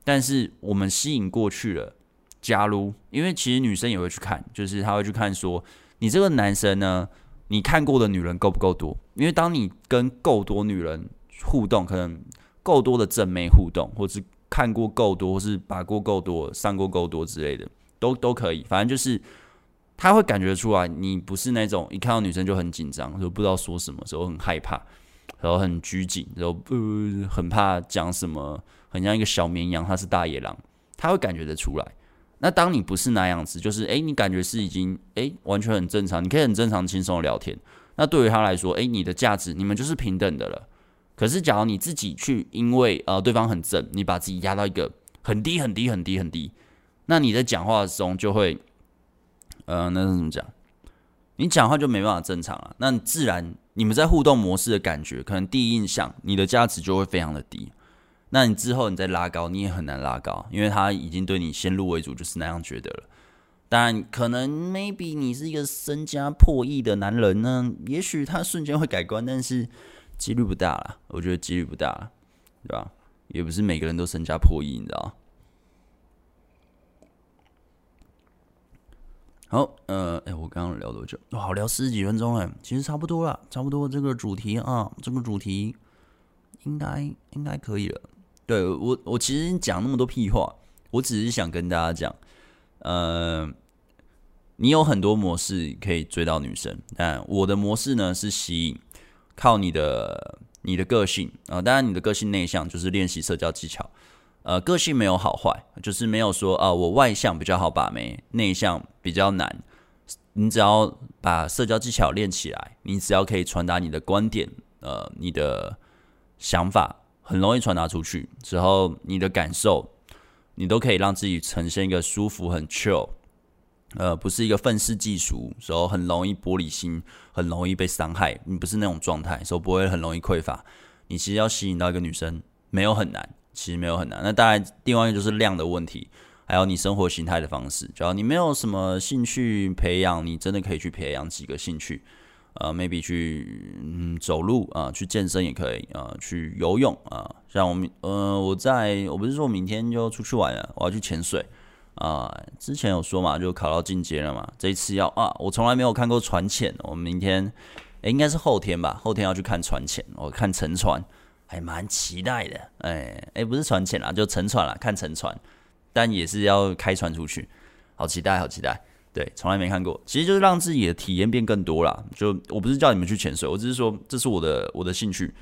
但是我們吸引過去了，加入，因為其實女生也會去看，就是她會去看說，你這個男生呢，你看過的女人夠不夠多？因為當你跟夠多女人互動，可能夠多的正面互動，或是看過夠多，或是把過夠多，上過夠多之類的，都都可以。反正就是他會感覺出來，你不是那種一看到女生就很緊張，就不知道說什麼，然後很害怕，然後很拘謹，然後不很怕講什麼。很像一個小綿羊，他是大野狼，他會感覺得出來。那當你不是那樣子，就是哎、欸，你感覺是已經哎、欸，完全很正常，你可以很正常輕鬆的聊天。那對於他來說，哎、欸，你的價值，你們就是平等的了。可是，假如你自己去，因為呃對方很正，你把自己壓到一個很低很低很低很低，那你在講話的時候就會，呃，那是怎麼講？你講話就沒辦法正常了。那自然，你們在互動模式的感覺，可能第一印象，你的價值就會非常的低。那你之後你再拉高，你也很難拉高，因為他已經對你先入為主，就是那樣覺得了。當然，可能 maybe 你是一個身家破億的男人呢，也許他瞬間會改觀，但是幾率不大了，我覺得幾率不大，對吧？也不是每個人都身家破億，你知道。好，呃，哎、欸，我剛剛聊多久？好，聊十幾分鐘了、欸，其實差不多了，差不多這個主題啊，這個主題應該應該可以了。對我，我其實講那麼多屁話，我只是想跟大家講，呃，你有很多模式可以追到女生。那我的模式呢是吸引，靠你的你的個性啊、呃，當然你的個性內向，就是練習社交技巧。呃，個性沒有好壞，就是沒有說啊、呃，我外向比較好把妹，內向比較難。你只要把社交技巧練起來，你只要可以傳達你的觀點，呃，你的想法。很容易傳達出去，之後你的感受，你都可以讓自己呈現一個舒服、很 chill，呃，不是一個憤世嫉俗，時候很容易玻璃心，很容易被傷害，你不是那種狀態，所以不會很容易匱乏。你其實要吸引到一個女生，沒有很難，其實沒有很難。那當然另外一個就是量的問題，還有你生活形態的方式，只要你沒有什麼興趣培養，你真的可以去培養幾個興趣。呃，maybe 去嗯走路啊、呃，去健身也可以啊、呃，去游泳啊、呃。像我們呃，我在，我不是說明天就出去玩了，我要去潛水啊、呃。之前有說嘛，就考到進階了嘛，這一次要啊，我從來沒有看過船潛。我們明天，哎、欸，應該是後天吧，後天要去看船潛，我看沉船，還蠻期待的。哎、欸、哎、欸，不是船潛啦，就沉船啦，看沉船，但也是要開船出去，好期待，好期待。對，從來沒看過。其實就是讓自己的體驗變更多啦。就我不是叫你們去潛水，我只是說這是我的我的興趣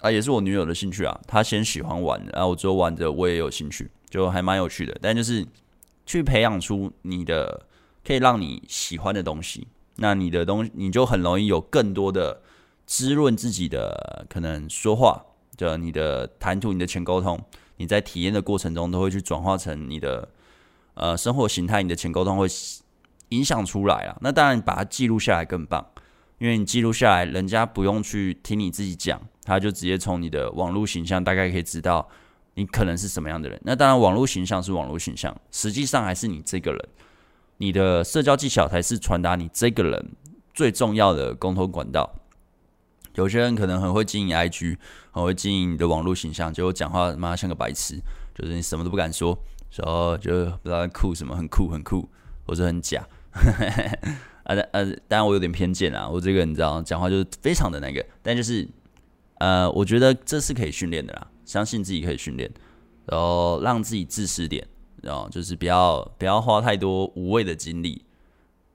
啊，也是我女友的興趣啊。她先喜歡玩，然、啊、後我之後玩著我也有興趣，就還蠻有趣的。但就是去培養出你的，可以讓你喜歡的東西，那你的東西你就很容易有更多的滋潤自己的可能。說話就你的談吐、你的前溝通，你在體驗的過程中都會去轉化成你的。呃，生活形態，你的潛溝通會影響出來啦。那當然，把它記錄下來更棒，因為你記錄下來，人家不用去聽你自己講，他就直接從你的網絡形象大概可以知道你可能是什麼樣的人。那當然，網絡形象是網絡形象，實際上還是你這個人，你的社交技巧才是傳達你這個人最重要的溝通管道。有些人可能很會經營 IG，很會經營你的網絡形象，結果講話他媽像個白痴，就是你什麼都不敢說。然、so, 後就不知道酷什麼，很酷很酷，或者很假。 [LAUGHS] 啊，呃、啊，當然我有點偏見啦。我這個你知道，講話就是非常的那個。但就是，呃，我覺得這是可以訓練的啦，相信自己可以訓練，然後讓自己自私點，然後就是不要不要花太多無謂的精力，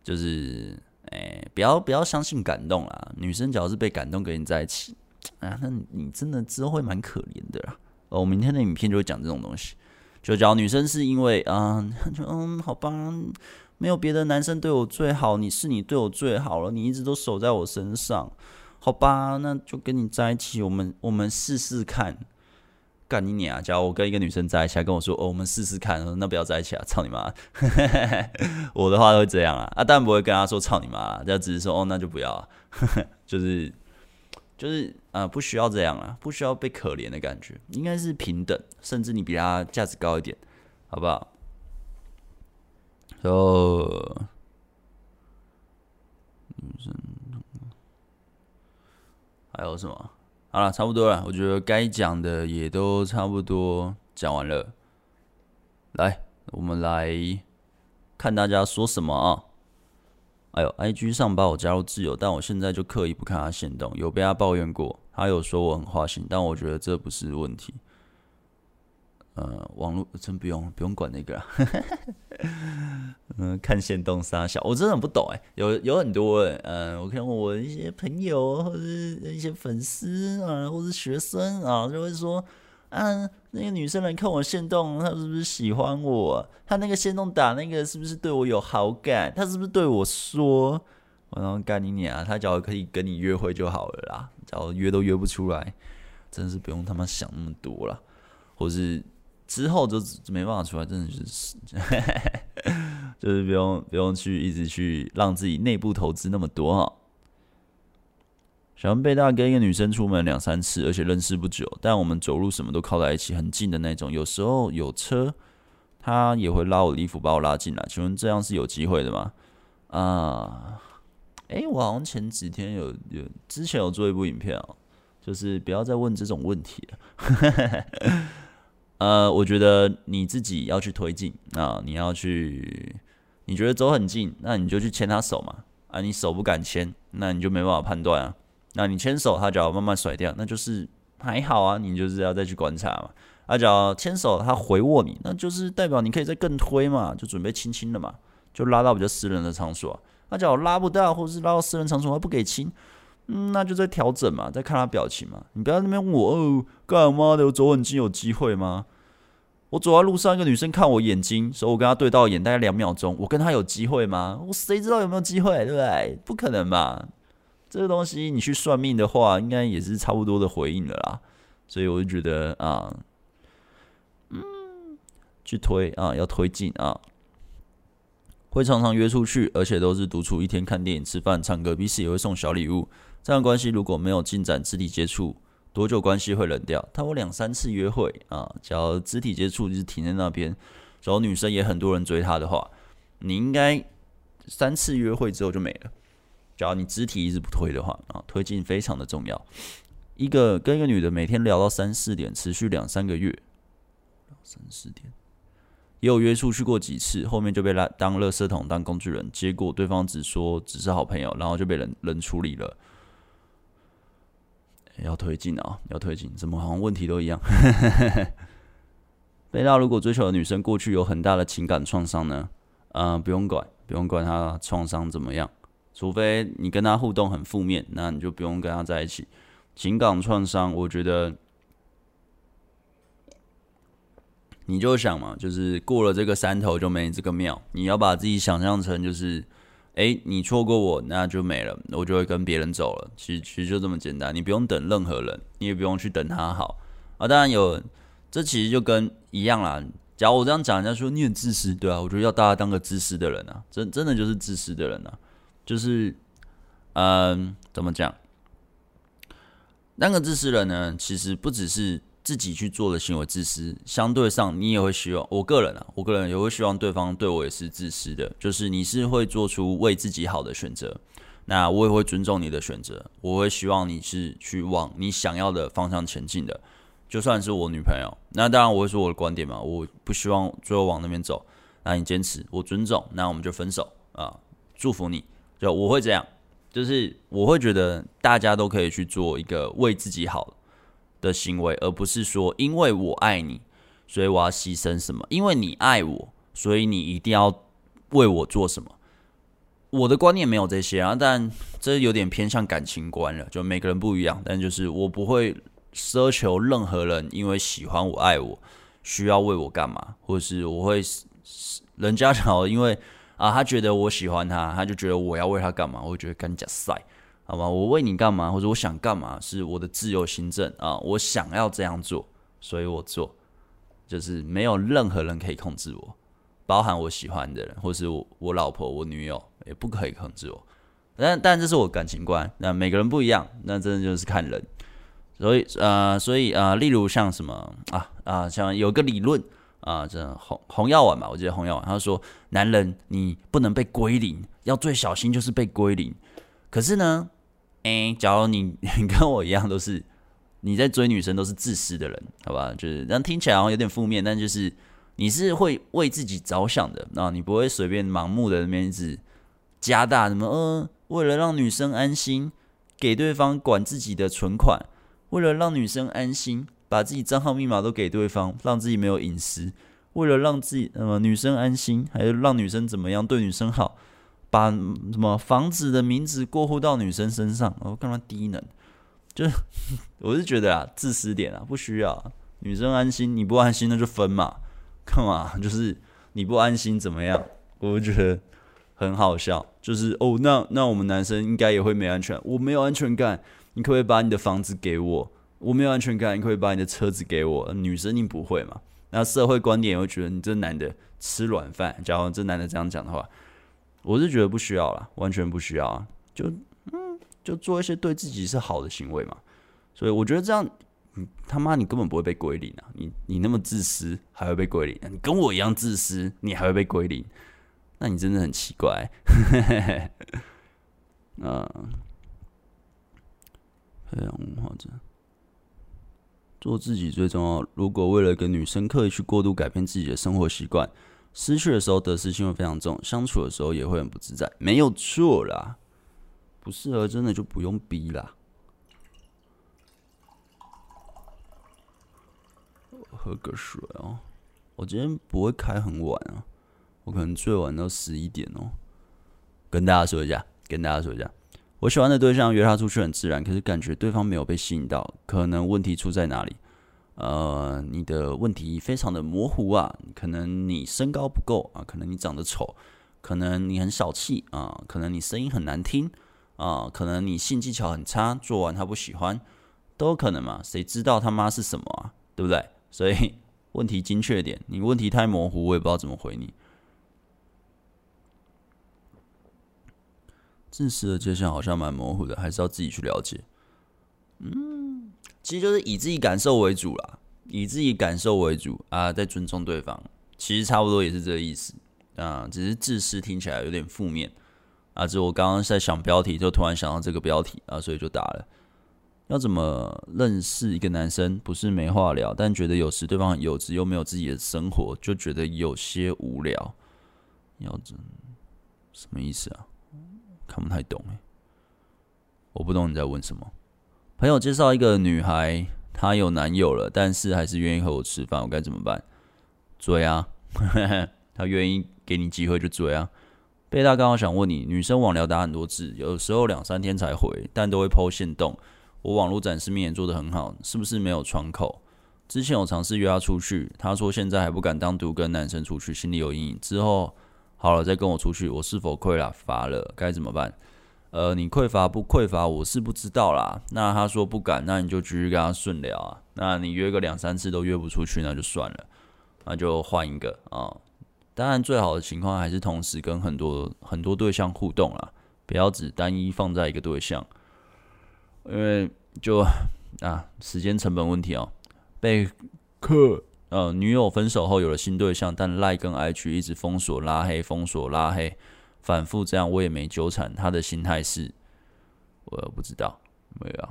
就是哎、欸，不要不要相信感動啦。女生只要是被感動跟你在一起啊，那你，你真的之後會蠻可憐的啦，哦。我明天的影片就會講這種東西。就假如女生是因為啊、嗯，就嗯，好吧，沒有別的男生對我最好，你是你對我最好了，你一直都守在我身上，好吧，那就跟你在一起，我們我們試試看。幹你娘！假如我跟一個女生在一起，跟我說哦，我們試試看，那不要在一起啊，操你媽！ [LAUGHS] 我的話都會這樣啊，啊，但不會跟他說操你媽、啊，他只是說哦，那就不要、啊，就是。就是，啊、呃，不需要這樣啊，不需要被可憐的感覺，應該是平等，甚至你比他價值高一點，好不好？然後還有什麼？好了，差不多了，我覺得該講的也都差不多講完了。來，我們來看大家說什麼啊。哎呦，I G 上把我加入自由，但我現在就刻意不看他限動。有被他抱怨過，他有說我很花心，但我覺得這不是問題。呃，網絡真不用不用管那個、啊。嗯、 [LAUGHS] 呃，看限動殺小，我真的很不懂哎、欸。有有很多、欸，嗯、呃，我看問我一些朋友或者一些粉絲啊，或是學生啊，就會說。嗯、啊，那個女生來看我限動，她是不是喜歡我？她那個限動打那個，是不是對我有好感？她是不是對我說：“我操，幹你娘！”她假如可以跟你約會就好了啦，假如約都約不出來，真是不用他媽想那麼多了。或是之後就，就沒辦法出來，真的、就是， [LAUGHS] 就是不用不用去一直去讓自己內部投資那麼多哈、哦。小問，貝大跟一個女生出門兩三次，而且認識不久，但我們走路什麼都靠在一起，很近的那種。有時候有車，他也會拉我衣服，把我拉進來。請問這樣是有機會的嗎？啊、呃，哎、欸，我好像前幾天有有之前有做一部影片哦，就是不要再問這種問題了。 [LAUGHS] 呃，我覺得你自己要去推進啊、呃，你要去，你覺得走很近，那你就去牽他手嘛。啊、呃，你手不敢牽，那你就沒辦法判斷啊。那你牽手他就慢慢甩掉，那就是還好啊，你就是要再去觀察嘛。啊，假如牽手他回握你，那就是代表你可以再更推嘛，就準備親親了嘛，就拉到比較私人的場所。啊，假如拉不到，或者是拉到私人場所他不給親，嗯，那就再調整嘛，再看他表情嘛。你不要在那邊問我哦，幹嘛的，我左眼睛有機會嗎？我走在路上，一個女生看我眼睛，所以我跟她對到眼大概兩秒鐘，我跟她有機會嗎？我誰知道有沒有機會，對不對？不可能吧？這個東西你去算命的話，應該也是差不多的回應的啦。所以我就覺得啊，嗯，去推啊，要推進啊，會常常約出去，而且都是獨處，一天看電影、吃飯、唱歌，彼此也會送小禮物。這樣的關係如果沒有進展、肢體接觸，多久關係會冷掉？他有兩三次約會啊，假如肢體接觸就是停在那邊，然後女生也很多人追他的話，你應該三次約會之後就沒了。假如你肢體一直不推的話，啊，推進非常的重要。一個跟一個女的每天聊到三四點，持續兩三個月，三四點也有約出去過幾次，後面就被拉當垃圾桶、當工具人。結果對方只說只是好朋友，然後就被人人處理了。哎、要推進啊、哦，要推進，怎麼好像問題都一樣？貝 [LAUGHS] 拉如果追求的女生過去有很大的情感創傷呢？啊、呃，不用管，不用管她創傷怎麼樣。除非你跟他互動很負面，那你就不用跟他在一起。情感創傷，我覺得你就想嘛，就是過了這個山頭就沒這個廟。你要把自己想象成就是，哎，你錯過我，那就沒了，我就會跟別人走了。其實其實就這麼簡單，你不用等任何人，你也不用去等他好啊。當然有，這其實就跟一樣啦。假如我這樣講，人家說你很自私，對啊，我覺得要大家當個自私的人啊，真真的就是自私的人啊。就是，嗯、呃，怎麼講？那個自私的人呢，其實不只是自己去做的行為自私，相對上你也會希望，我個人啊，我個人也會希望對方對我也是自私的，就是你是會做出為自己好的選擇，那我也會尊重你的選擇，我會希望你是去往你想要的方向前進的。就算是我女朋友，那當然我會說我的觀點嘛，我不希望最後往那邊走，那你堅持，我尊重，那我們就分手啊。呃！祝福你。就我會這樣，就是我會覺得大家都可以去做一個為自己好的行為，而不是說因為我愛你，所以我要犧牲什麼；因為你愛我，所以你一定要為我做什麼。我的觀念沒有這些啊，但這有點偏向感情觀了。就每個人不一樣，但就是我不會奢求任何人因為喜歡我、愛我需要為我幹嘛，或是我會人家想要因為。啊，他覺得我喜歡他，他就覺得我要為他幹嘛？我覺得跟你講賽，好嗎？我為你幹嘛？或者我想幹嘛？是我的自由行政啊，我想要這樣做，所以我做，就是沒有任何人可以控制我，包含我喜歡的人，或是我，我老婆、我女友也不可以控制我。但但這是我感情觀，那每個人不一樣，那真的就是看人。所以呃，所以呃，例如像什麼啊啊，像有個理論啊，這紅紅藥丸嘛，我記得紅藥丸，他說。男人，你不能被歸零，要最小心就是被歸零。可是呢，哎、欸，假如你你跟我一樣都是你在追女生都是自私的人，好吧？就是但聽起來好像有點負面，但就是你是會為自己着想的，那、啊、你不會隨便盲目的那邊一直加大什麼？嗯、呃，為了讓女生安心，給對方管自己的存款，為了讓女生安心，把自己賬號密碼都給對方，讓自己沒有隱私。為了讓自己，呃，女生安心，還是讓女生怎麼樣對女生好，把什麼房子的名字過戶到女生身上，哦，幹嘛低能？就是，我是覺得啊，自私點啊，不需要女生安心，你不安心那就分嘛，幹嘛？就是你不安心怎麼樣？我就覺得很好笑，就是哦，那那我們男生應該也會沒安全感，我沒有安全感，你可不可以把你的房子給我？我沒有安全感，你可以把你的車子給我？呃，女生你不會嗎？那社會觀點也會覺得你這男的吃軟飯。假如這男的這樣講的話，我是覺得不需要了，完全不需要，啊，就嗯，就做一些對自己是好的行為嘛。所以我覺得這樣，你，嗯，他媽你根本不會被歸零啊！你你那麼自私，還會被歸零？你跟我一樣自私，你還會被歸零？那你真的很奇怪，欸。嗯、 [LAUGHS] 呃，嗯，非常完做自己最重要。如果為了跟女生刻意去過度改變自己的生活習慣，失去的時候得失心會非常重，相處的時候也會很不自在。沒有錯啦，不適合真的就不用逼啦。喝個水哦，我今天不會開很晚啊，我可能最晚都十一點哦。跟大家說一下，跟大家說一下。我喜歡的對象約他出去很自然，可是感覺對方沒有被吸引到，可能問題出在哪裡？呃，你的問題非常的模糊啊，可能你身高不夠啊，可能你長得醜，可能你很小氣啊，可能你聲音很難聽啊，可能你性技巧很差，做完他不喜歡，都可能嘛。誰知道他媽是什麼啊？對不對？所以問題精確一點，你問題太模糊，我也不知道怎麼回你。自私的界限好像蠻模糊的，還是要自己去了解。嗯，其實就是以自己感受為主啦，以自己感受為主啊，再尊重對方，其實差不多也是這個意思啊。只是自私聽起來有點負面啊。這我剛剛是在想標題，就突然想到這個標題啊，所以就打了。要怎麼認識一個男生？不是沒話聊，但覺得有時對方很幼稚，又沒有自己的生活，就覺得有些無聊。要怎什麼意思啊？他們太懂哎，我不懂你在問什麼。朋友介紹一個女孩，她有男友了，但是還是願意和我吃飯，我該怎麼辦？追啊， [LAUGHS] 她願意給你機會就追啊。貝大剛好想問你，女生網聊打很多字，有時候兩三天才回，但都會 po 限動。我網絡展示面也做得很好，是不是沒有窗口？之前我嘗試約她出去，她說現在還不敢單獨跟男生出去，心裡有陰影。之後。好了，再跟我出去，我是否匱乏、乏了，該怎麼辦？呃，你匱乏不匱乏，我是不知道啦。那他說不敢，那你就繼續跟他順聊啊。那你約個兩三次都約不出去，那就算了，那就換一個啊。當然最好的情況還是同時跟很多很多對象互動啦，不要只單一放在一個對象，因為就啊時間成本問題哦。貝克。呃，女友分手後有了新對象，但賴跟 IG 一直封鎖、拉黑、封鎖、拉黑，反覆這樣，我也沒糾纏。他的心態是我不知道，沒有，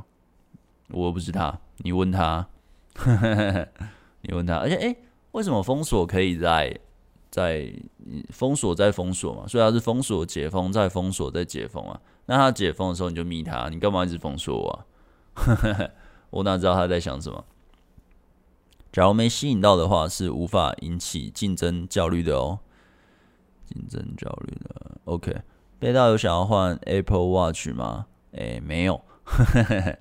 我不知道，你問他， [LAUGHS] 你問他，而且哎、欸，為什麼封鎖可以再、再、封鎖、再封鎖、再封鎖嘛？所以他是封鎖、解封、再封鎖、再解封啊。那他解封的時候你就密他，你幹嘛一直封鎖我啊？ [LAUGHS] 我哪知道他在想什麼？假如沒吸引到的話，是無法引起競爭焦慮的哦。競爭焦慮的。OK，貝克有想要換 Apple Watch 嗎？誒、欸，沒有。 [LAUGHS]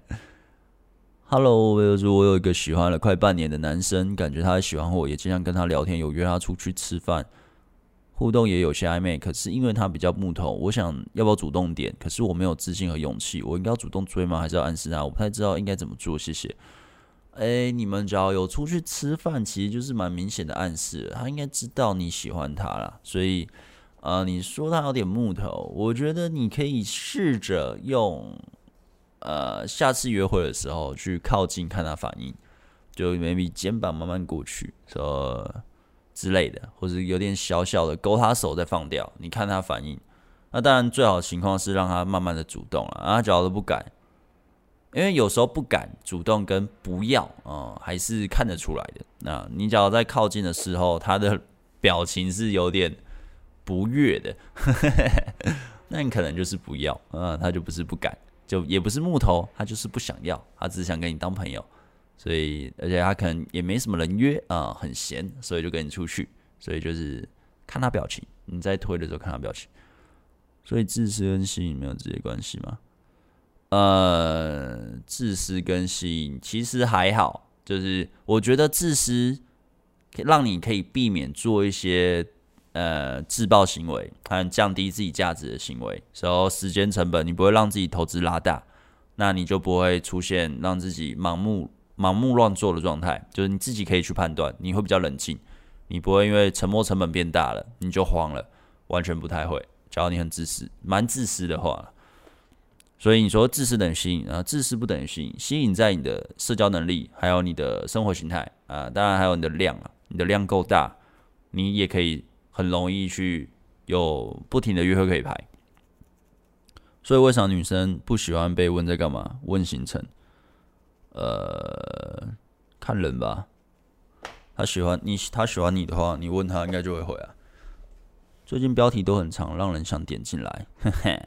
Hello，我，我有一個喜歡了快半年的男生，感覺他喜歡我，也經常跟他聊天，有約他出去吃飯，互動也有些曖昧。可是因為他比較木頭，我想要不要主動點？可是我沒有自信和勇氣，我應該要主動追嗎？還是要暗示他？我不太知道應該怎麼做。謝謝。哎、欸，你們只要有出去吃飯，其實就是蠻明顯的暗示，他應該知道你喜歡他啦，所以，呃，你說他有點木頭，我覺得你可以試着用，呃，下次約會的時候去靠近看他反應，就 maybe 肩膀慢慢過去，說之類的，或者有點小小的勾他手再放掉，你看他反應。那當然最好的情況是讓他慢慢的主動了，啊，腳都不改。因為有時候不敢主動跟不要啊、呃，還是看得出來的。那你只要在靠近的時候，他的表情是有點不悅的， [LAUGHS] 那你可能就是不要嗯、呃，他就不是不敢，就也不是木頭，他就是不想要，他只想跟你當朋友。所以，而且他可能也沒什麼人約啊、呃，很閒，所以就跟你出去。所以就是看他表情，你在推的時候看他表情。所以自私跟吸引沒有直接關係嗎？呃，自私跟吸引其實還好，就是我覺得自私可以讓你可以避免做一些呃自爆行為還有降低自己價值的行為，然、so, 後時間成本你不會讓自己投資拉大，那你就不會出現讓自己盲目盲目亂做的狀態，就是你自己可以去判斷，你會比較冷靜，你不會因為沉沒成本變大了你就慌了，完全不太會。只要你很自私，蠻自私的話。所以你說自私等於吸引？啊、呃，自私不等於吸引。吸引在你的社交能力，還有你的生活形態啊，當然還有你的量啊。你的量夠大，你也可以很容易去有不停的約會可以排。所以為什麼女生不喜歡被問在幹嘛？問行程，呃，看人吧。她喜歡你，她喜歡你的話，你問她應該就會回啊。最近標題都很長，讓人想點進來。嘿嘿，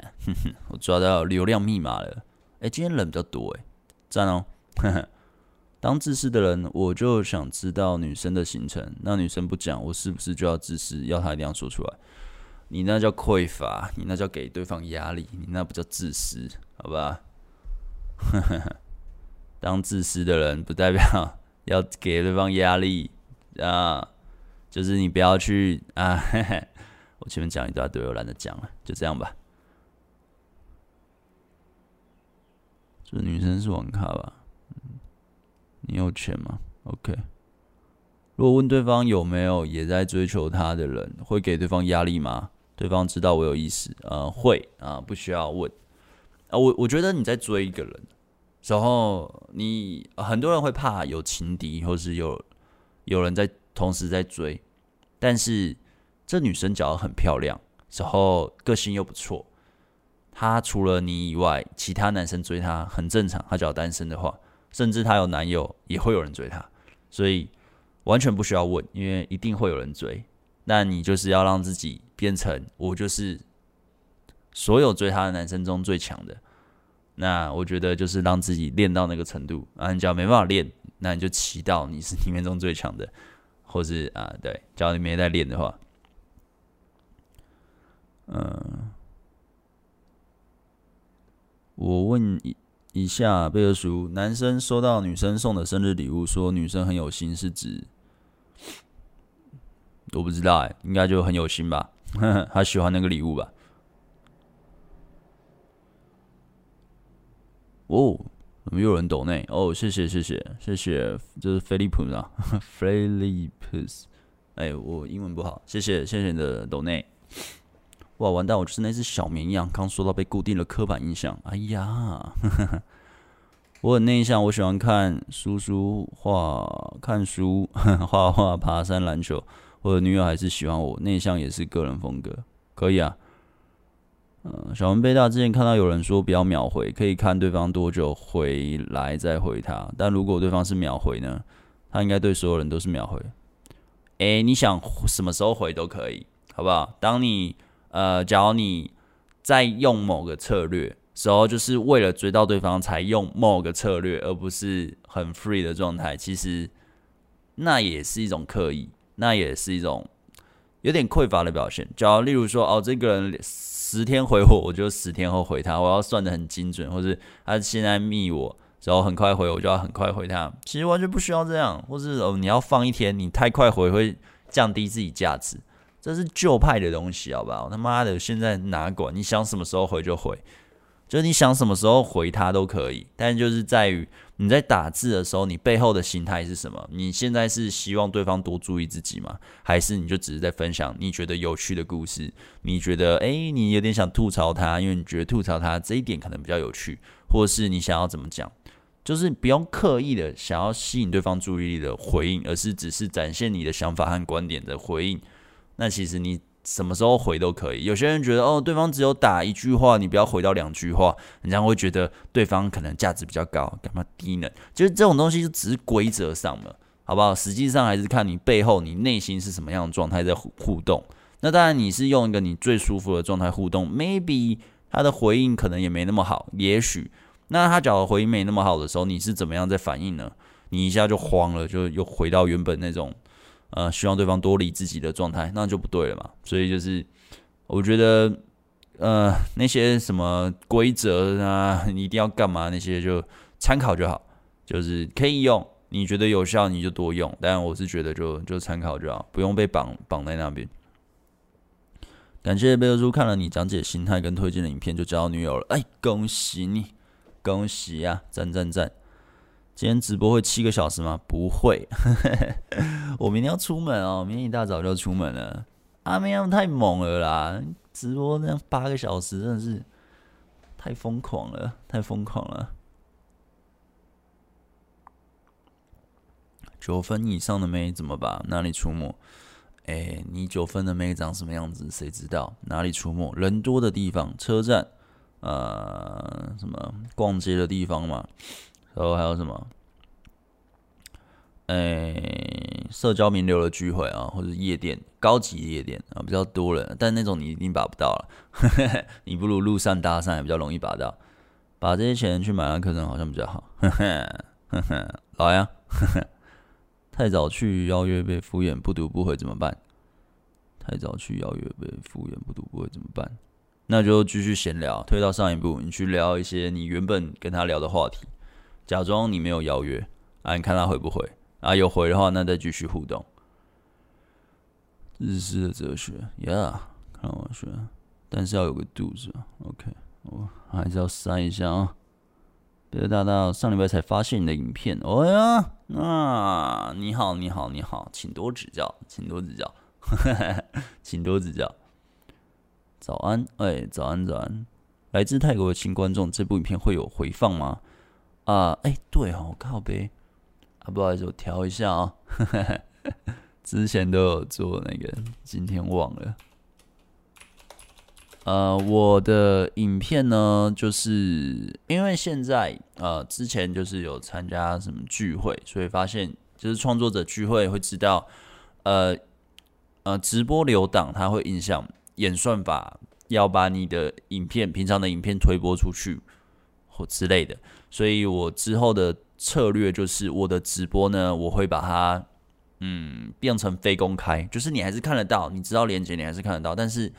我抓到流量密碼了。哎、欸，今天人比較多哎，讚哦。 [LAUGHS] 當自私的人，我就想知道女生的行程。那女生不講，我是不是就要自私？要她一定要說出來？你那叫匱乏，你那叫給對方壓力，你那不叫自私，好吧？ [LAUGHS] 當自私的人，不代表要給對方壓力啊，就是你不要去啊。 [LAUGHS] 我前面講一大堆，我懶得講了，就這樣吧。這女生是網咖吧？你有錢嗎？OK。如果問對方有沒有也在追求他的人，會給對方壓力嗎？對方知道我有意思，呃，會啊、呃，不需要問。啊、呃，我我覺得你在追一個人，然後你、呃、很多人會怕有情敵，或是有有人在同時在追，但是。這女生腳很漂亮，然後個性又不錯。她除了你以外，其他男生追她很正常。她只要單身的話，甚至她有男友也會有人追她。所以完全不需要問，因為一定會有人追。那你就是要讓自己變成我，就是所有追她的男生中最強的。那我覺得就是讓自己練到那個程度。那、啊、你只要沒辦法練，那你就祈禱你是裡面中最強的，或是啊，對，只要你沒在練的話。嗯，我問一一下貝克書，男生收到女生送的生日禮物，說女生很有心，是指？我不知道哎、欸，應該就很有心吧，呵呵，他喜歡那個禮物吧？哦，怎麼又有人 donate 哦，謝謝謝謝謝謝，這、就是菲利普啦 [LAUGHS] 菲利普斯哎，我英文不好，謝謝謝謝你的 donate。哇！完蛋，我就是那隻小綿羊。剛說到被固定了刻板印象，哎呀，呵呵我很內向，我喜歡看書、書畫、看書、畫畫、爬山、籃球。我的女友還是喜歡我，內向也是個人風格，可以啊。嗯、呃，小文被大之前看到有人說不要秒回，可以看對方多久回來再回他。但如果對方是秒回呢？他應該對所有人都是秒回。誒、欸，你想什麼時候回都可以，好不好？當你。呃，假如你在用某個策略時候，就是為了追到對方才用某個策略，而不是很 free 的狀態，其實那也是一種刻意，那也是一種有點匱乏的表現。假如例如說，哦，這個人十天回我，我就十天後回他，我要算得很精準，或是他是現在密我，然後很快回，我就要很快回他，其實完全不需要這樣，或是哦，你要放一天，你太快回會降低自己價值。這是舊派的東西，好不好？他媽的，現在哪管？你想什麼時候回就回，就是你想什麼時候回他都可以。但就是在於你在打字的時候，你背後的心態是什麼？你現在是希望對方多注意自己嗎？還是你就只是在分享你覺得有趣的故事？你覺得，誒，你有點想吐槽他，因為你覺得吐槽他這一點可能比較有趣，或是你想要怎麼講？就是不用刻意的想要吸引對方注意力的回應，而是只是展現你的想法和觀點的回應。那其實你什麼時候回都可以。有些人覺得哦，對方只有打一句話，你不要回到兩句話，人家會覺得對方可能價值比較高，幹嘛低呢？就是這種東西就只是規則上了，好不好？實際上還是看你背後你內心是什麼樣的狀態在互動。那當然，你是用一個你最舒服的狀態互動，maybe 他的回應可能也沒那麼好，也許那他假如回應沒那麼好的時候，你是怎麼樣在反應呢？你一下就慌了，就又回到原本那種。呃，希望對方多理自己的狀態，那就不對了嘛。所以就是，我覺得，呃，那些什麼規則啊，你一定要幹嘛那些就參考就好，就是可以用，你覺得有效你就多用。但我是覺得就就參考就好，不用被綁綁在那邊。感謝貝克書看了你講解心態跟推薦的影片，就交到女友了，哎、欸，恭喜你，恭喜啊，讚讚讚。今天直播會七個小時嗎？不會， [LAUGHS] 我明天要出門哦，明天一大早就出門了。阿喵太猛了啦，直播這樣八個小時真的是太瘋狂了，太瘋狂了。九分以上的妹怎麼辦？哪裡出沒？誒，你九分的妹長什麼樣子？誰知道？哪裡出沒？人多的地方，車站，呃，什麼逛街的地方嘛。然後還有什麼？哎、欸，社交名流的聚會啊，或者是夜店，高級夜店啊，比較多人，但那種你一定把不到了。你不如路上搭訕，也比較容易把到。把這些錢去買完課程，好像比較好。來呀，老楊，太早去邀約被敷衍，不讀不回怎麼辦？太早去邀約被敷衍，不讀不回怎麼辦？那就繼續閒聊，推到上一步，你去聊一些你原本跟他聊的話題。假裝你沒有邀約啊，你看他回不回啊？有回的話，那再繼續互動。自私的哲學，Yeah，看我說，但是要有個度，是吧？OK，我、哦、還是要刪一下啊。別的大道上禮拜才發現你的影片，哦呀啊！你好，你好，你好，請多指教，請多指教，呵呵請多指教。早安，哎、欸，早安，早安！來自泰國的新觀眾，這部影片會有回放嗎？啊、呃，哎、欸，對哦，靠北啊，不好意思，我調一下啊、哦。 [LAUGHS] 之前都有做那個，今天忘了。呃，我的影片呢，就是因為現在呃，之前就是有參加什麼聚會，所以發現就是創作者聚會會知道，呃呃，直播留檔它會影響演算法，要把你的影片、平常的影片推播出去。或之類的，所以我之後的策略就是，我的直播呢，我會把它嗯變成非公開，就是你還是看得到，你知道連接，你還是看得到，但是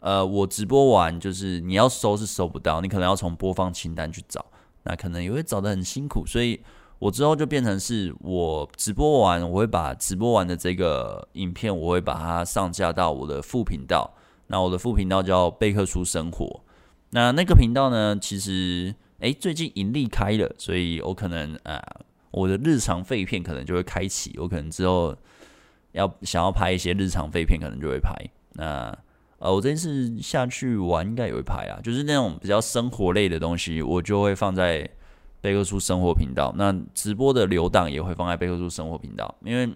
呃，我直播完就是你要搜是搜不到，你可能要從播放清單去找，那可能也會找得很辛苦，所以我之後就變成是我直播完，我會把直播完的這個影片，我會把它上架到我的副頻道，那我的副頻道叫貝克書生活，那那個頻道呢，其實。誒、欸，最近盈利開了，所以我可能啊、呃，我的日常廢片可能就會開啟，我可能之後要想要拍一些日常廢片，可能就會拍。那呃，我這次下去玩應該也會拍啊，就是那種比較生活類的東西，我就會放在貝克書生活頻道。那直播的留檔也會放在貝克書生活頻道，因為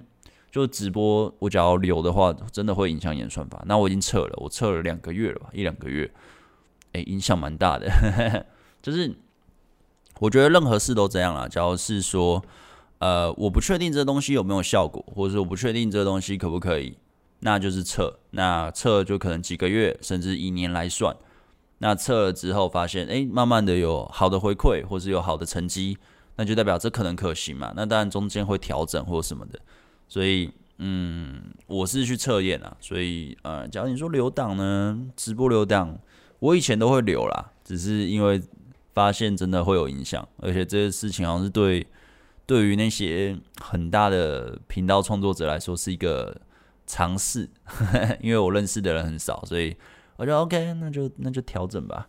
就直播我只要留的話，真的會影響演算法。那我已經撤了，我撤了兩個月了吧，一兩個月，誒、欸，影響蠻大的， [LAUGHS] 就是。我覺得任何事都這樣啦，假如是說，呃，我不確定這東西有沒有效果，或者說我不確定這個東西可不可以，那就是測。那測就可能幾個月甚至一年來算。那測了之後發現，誒、欸，慢慢的有好的回饋，或是有好的成績，那就代表這可能可行嘛。那當然中間會調整或什麼的。所以，嗯，我是去測驗啦。所以，呃，假如你說留檔呢，直播留檔，我以前都會留啦，只是因為。發現真的會有影響，而且這個事情好像是對對於那些很大的頻道創作者來說是一個嘗試，呵呵，因為我認識的人很少，所以我就 OK，那就那就調整吧，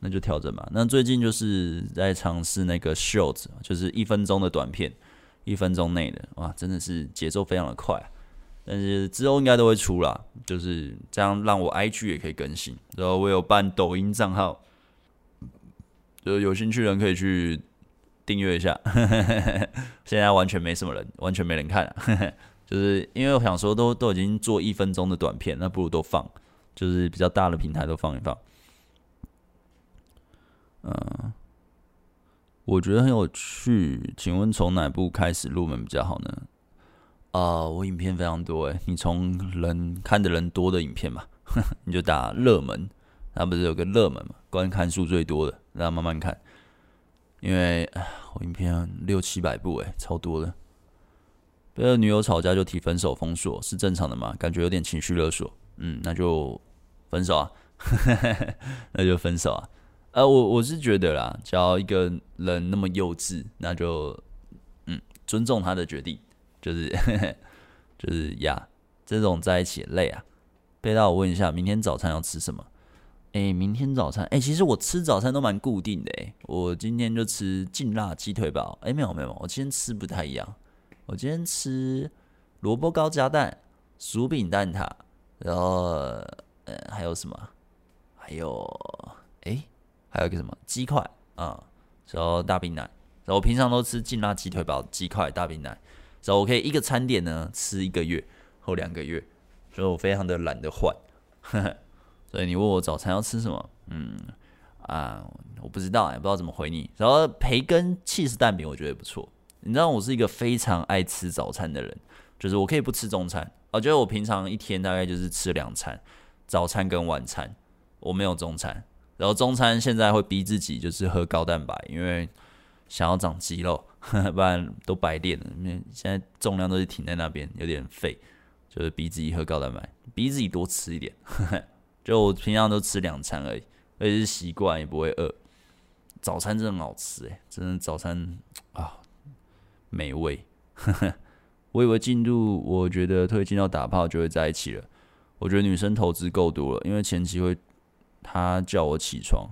那就調整吧。那最近就是在嘗試那個 Short，就是一分鐘的短片，一分鐘內的，哇，真的是節奏非常的快，但是之後應該都會出啦，就是這樣讓我 IG 也可以更新，然後我有辦抖音賬號。就有興趣的人可以去訂閱一下。 [LAUGHS] 現在完全沒什麼人，完全沒人看，啊， [LAUGHS] 就是因為我想說，都都已經做一分鐘的短片，那不如都放，就是比較大的平台都放一放。嗯，我覺得很有趣。請問從哪部開始入門比較好呢？啊、呃，我影片非常多哎、欸，你從人看的人多的影片嘛， [LAUGHS] 你就打熱門，那不是有個熱門嘛，觀看數最多的。然後慢慢看，因為我影片六七百部誒、欸，超多的。不要女友吵架就提分手封鎖是正常的嗎？感覺有點情緒勒索。嗯，那就分手啊， [LAUGHS] 那就分手啊。呃，我我是覺得啦，只要一個人那麼幼稚，那就嗯，尊重他的決定，就是 [LAUGHS] 就是呀、yeah,，這種在一起也累啊。貝拉，我問一下，明天早餐要吃什麼？誒，明天早餐誒，其實我吃早餐都蠻固定的誒，我今天就吃勁辣雞腿堡。誒，沒有沒有，我今天吃不太一樣，我今天吃蘿蔔糕加蛋，薯餅蛋撻，然後呃、嗯、還有什麼？還有誒，還有一個什麼雞塊啊、嗯，然後大冰奶。然後我平常都吃勁辣雞腿堡、雞塊、大冰奶，所以我可以一個餐點呢吃一個月或兩個月，所以我非常的懶得換。呵呵所以你問我早餐要吃什麼？嗯啊，我不知道、欸，也不知道怎麼回你。然後培根、起司蛋餅我覺得也不錯。你知道我是一個非常愛吃早餐的人，就是我可以不吃中餐。我覺得我平常一天大概就是吃兩餐，早餐跟晚餐，我沒有中餐。然後中餐現在會逼自己就是喝高蛋白，因為想要長肌肉，呵呵，不然都白練了。現在重量都是停在那邊，有點廢，就是逼自己喝高蛋白，逼自己多吃一點。呵呵就我平常都吃兩餐而已，而且是習慣，也不會餓。早餐真的很好吃誒、欸，真的早餐啊美味。 [LAUGHS] 我以為進度，我覺得推進到打炮就會在一起了。我覺得女生投資夠多了，因為前期會她叫我起床，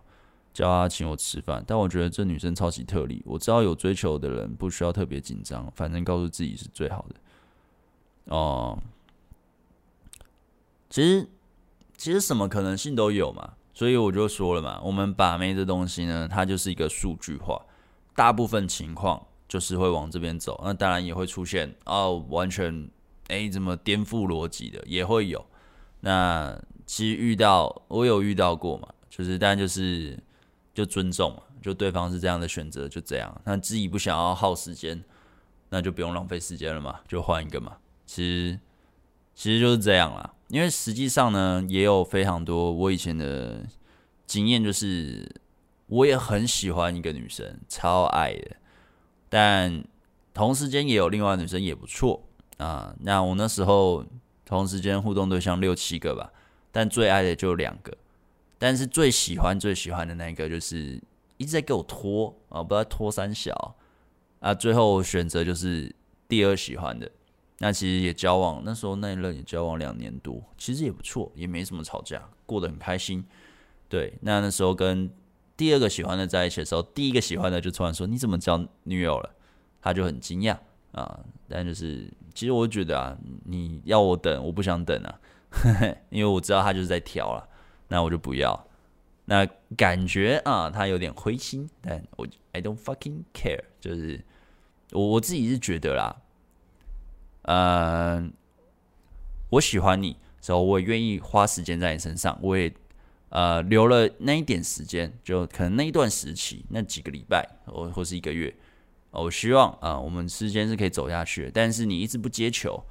叫她請我吃飯。但我覺得這女生超級特例。我知道有追求的人不需要特別緊張，反正告訴自己是最好的。哦、呃，其實。其實什麼可能性都有嘛，所以我就說了嘛，我們把妹這東西呢，它就是一個數據化，大部分情況就是會往這邊走，那當然也會出現哦，完全哎、欸、怎麼顛覆邏輯的也會有。那其實遇到我有遇到過嘛，就是但就是就尊重嘛，就對方是這樣的選擇就這樣，那自己不想要耗時間，那就不用浪費時間了嘛，就換一個嘛。其實其實就是這樣啦。因為實際上呢，也有非常多我以前的經驗，就是我也很喜歡一個女生，超愛的，但同時間也有另外一個女生也不錯啊。那我那時候同時間互動對象六七個吧，但最愛的就兩個，但是最喜歡最喜歡的那個就是一直在給我拖啊，不知道拖三小啊，最後我選擇就是第二喜歡的。那其實也交往，那時候那一任也交往兩年多，其實也不錯，也沒什麼吵架，過得很開心。對，那那時候跟第二個喜歡的在一起的時候，第一個喜歡的就突然說：“你怎麼交女友了？”他就很驚訝啊。但就是，其實我覺得啊，你要我等，我不想等啊，呵呵，因為我知道他就是在挑了啊，那我就不要。那感覺啊，他有點灰心，但我 I don't fucking care，就是我我自己是覺得啦。呃，我喜歡你，所以我也願意花時間在你身上，我也呃留了那一點時間，就可能那一段時期，那幾個禮拜或或是一個月，呃、我希望啊、呃，我們之間是可以走下去的。但是你一直不接球，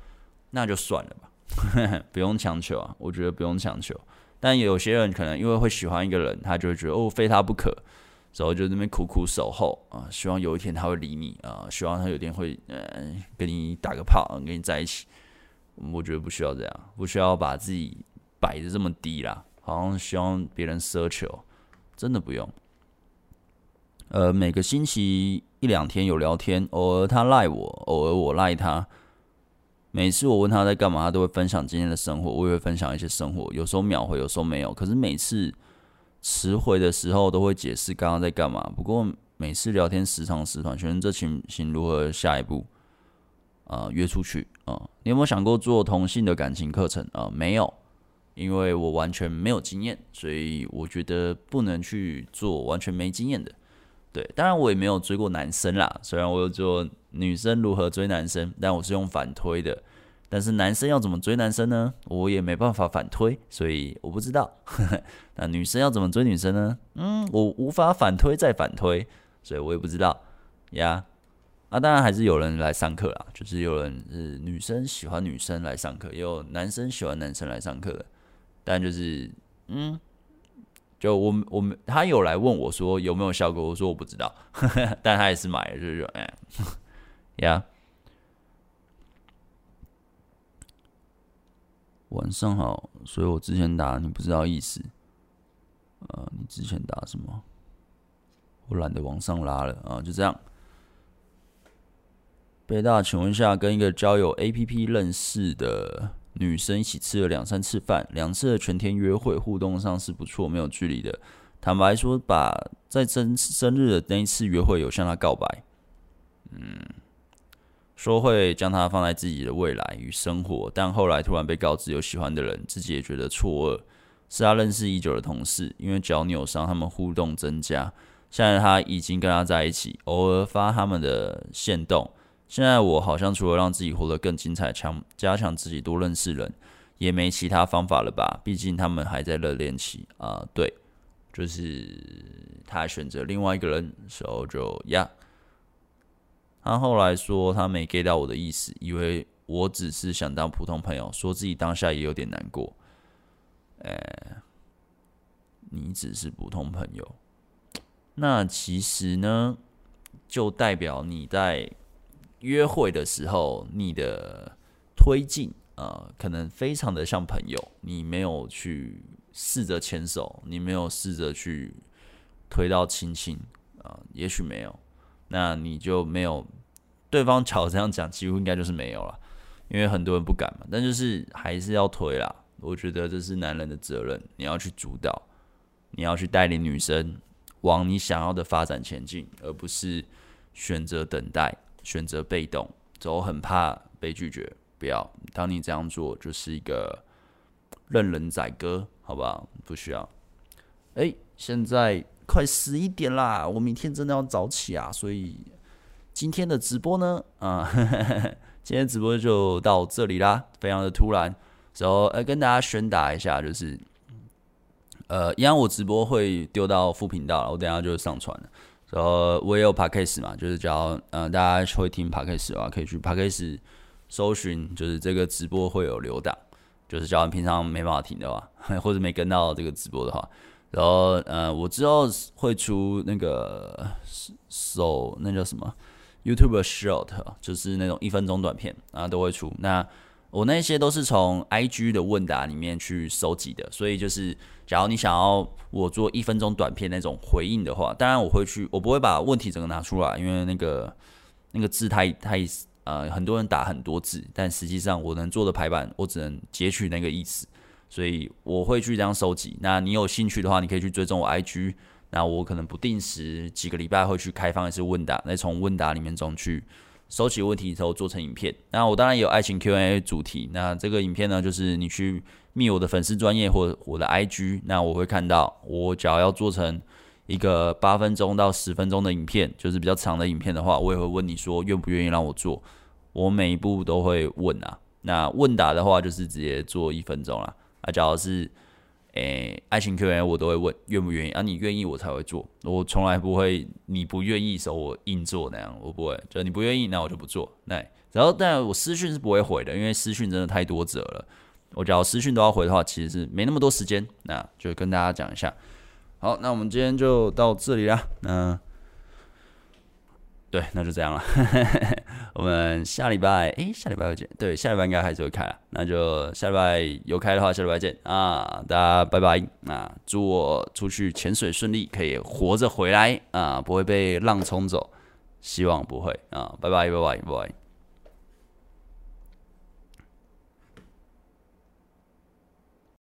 那就算了吧， [LAUGHS] 不用強求啊，我覺得不用強求。但有些人可能因為會喜歡一個人，他就會覺得哦，非他不可。所以就那邊苦苦守候啊，希望有一天他會理你啊，希望他有一天會嗯、呃、跟你打個炮，跟你在一起。我覺得不需要這樣，不需要把自己擺的這麼低啦，好像希望別人奢求，真的不用。呃，每個星期一兩天有聊天，偶爾他賴我，偶爾我賴他。每次我問他在幹嘛，他都會分享今天的生活，我也會分享一些生活。有時候秒回，有時候沒有，可是每次。遲回的時候都會解釋剛剛在幹嘛，不過每次聊天時長時短，學生這情形如何？下一步，呃，約出去啊，呃？你有沒有想過做同性的感情課程啊，呃？沒有，因為我完全沒有經驗，所以我覺得不能去做完全沒經驗的。對，當然我也沒有追過男生啦，雖然我有做女生如何追男生，但我是用反推的。但是男生要怎麼追男生呢？我也沒辦法反推，所以我不知道。 [LAUGHS] 那女生要怎麼追女生呢？嗯，我無法反推再反推，所以我也不知道。呀、yeah. 啊，那當然還是有人來上課啦，就是有人是女生喜歡女生來上課，也有男生喜歡男生來上課的。但就是，嗯，就我我們他有來問我說有沒有效果，我說我不知道， [LAUGHS] 但他也是買的，就是說哎呀。Yeah. 晚上好，所以我之前打你不知道意思。呃，你之前打什麼？我懶得往上拉了啊，就這樣。貝大，請問一下，跟一個交友 APP 認識的女生一起吃了兩三次飯，兩次的全天約會，互動上是不錯，沒有距離的。坦白說，把在真生日的那一次約會有向她告白，嗯。說會將他放在自己的未來與生活，但後來突然被告知有喜歡的人，自己也覺得錯愕。是他認識已久的同事，因為腳扭傷，他們互動增加。現在他已經跟他在一起，偶爾發他們的限動。現在我好像除了讓自己活得更精彩，強加強自己多認識人，也沒其他方法了吧？畢竟他們還在熱戀期啊、呃。對，就是他選擇另外一個人，時候就呀。Yeah. 他、啊、後來說他沒 get 到我的意思，以為我只是想當普通朋友，說自己當下也有點難過、哎。你只是普通朋友，那其實呢，就代表你在約會的時候，你的推進啊、呃，可能非常的像朋友，你沒有去試着牽手，你沒有試着去推到親親啊、呃，也許沒有，那你就沒有。對方巧這樣講，幾乎應該就是沒有了，因為很多人不敢嘛。但就是還是要推啦，我覺得這是男人的責任，你要去主導，你要去帶領女生往你想要的發展前進，而不是選擇等待、選擇被動，走，很怕被拒絕。不要，當你這樣做，就是一個任人宰割，好不好？不需要。哎、欸，現在快十一點啦，我明天真的要早起啊，所以。今天的直播呢，啊、嗯，今天直播就到這裡啦，非常的突然。然後呃，跟大家宣達一下，就是呃，一樣我直播會丟到副頻道了，我等一下就上傳，然後我也有 podcast 嘛，就是只要嗯，大家會聽 podcast 的話，可以去 podcast 搜尋，就是這個直播會有留檔，就是你平常沒辦法聽的話，或者沒跟到這個直播的話，然後嗯，我之後會出那個手，那叫什麼？YouTube short 就是那種一分鐘短片啊，都會出。那我那些都是從 IG 的問答裡面去收集的，所以就是，假如你想要我做一分鐘短片那種回應的話，當然我會去，我不會把問題整個拿出來，因為那個那個字太太呃，很多人打很多字，但實際上我能做的排版，我只能截取那個意思，所以我會去這樣收集。那你有興趣的話，你可以去追蹤我 IG。那我可能不定時幾個禮拜會去開放一次問答，那從問答裡面中去收集問題之後做成影片。那我當然也有愛情 Q&A 主題，那這個影片呢，就是你去密我的粉絲專頁或我的 IG，那我會看到。我假如要做成一個八分鐘到十分鐘的影片，就是比較長的影片的話，我也會問你說願不願意讓我做。我每一部都會問啊。那問答的話就是直接做一分鐘啦，那假如是誒、欸，愛情 Q&A 我都會問願不願意，啊，你願意我才會做，我從來不會你不願意，所以，我硬做那樣，我不會，就你不願意，那我就不做。對，然後，但我私訊是不會回的，因為私訊真的太多者了，我只要私訊都要回的話，其實是沒那麼多時間。那就跟大家講一下，好，那我們今天就到這裡啦，那。對，那就這樣了。 [LAUGHS] 我們下禮拜，哎，下禮拜再見。對，下禮拜應該還是會開，那就下禮拜有開的話，下禮拜見啊！大家拜拜啊！祝我出去潛水順利，可以活着回來啊，不會被浪沖走，希望不會啊！拜拜拜拜拜。拜拜。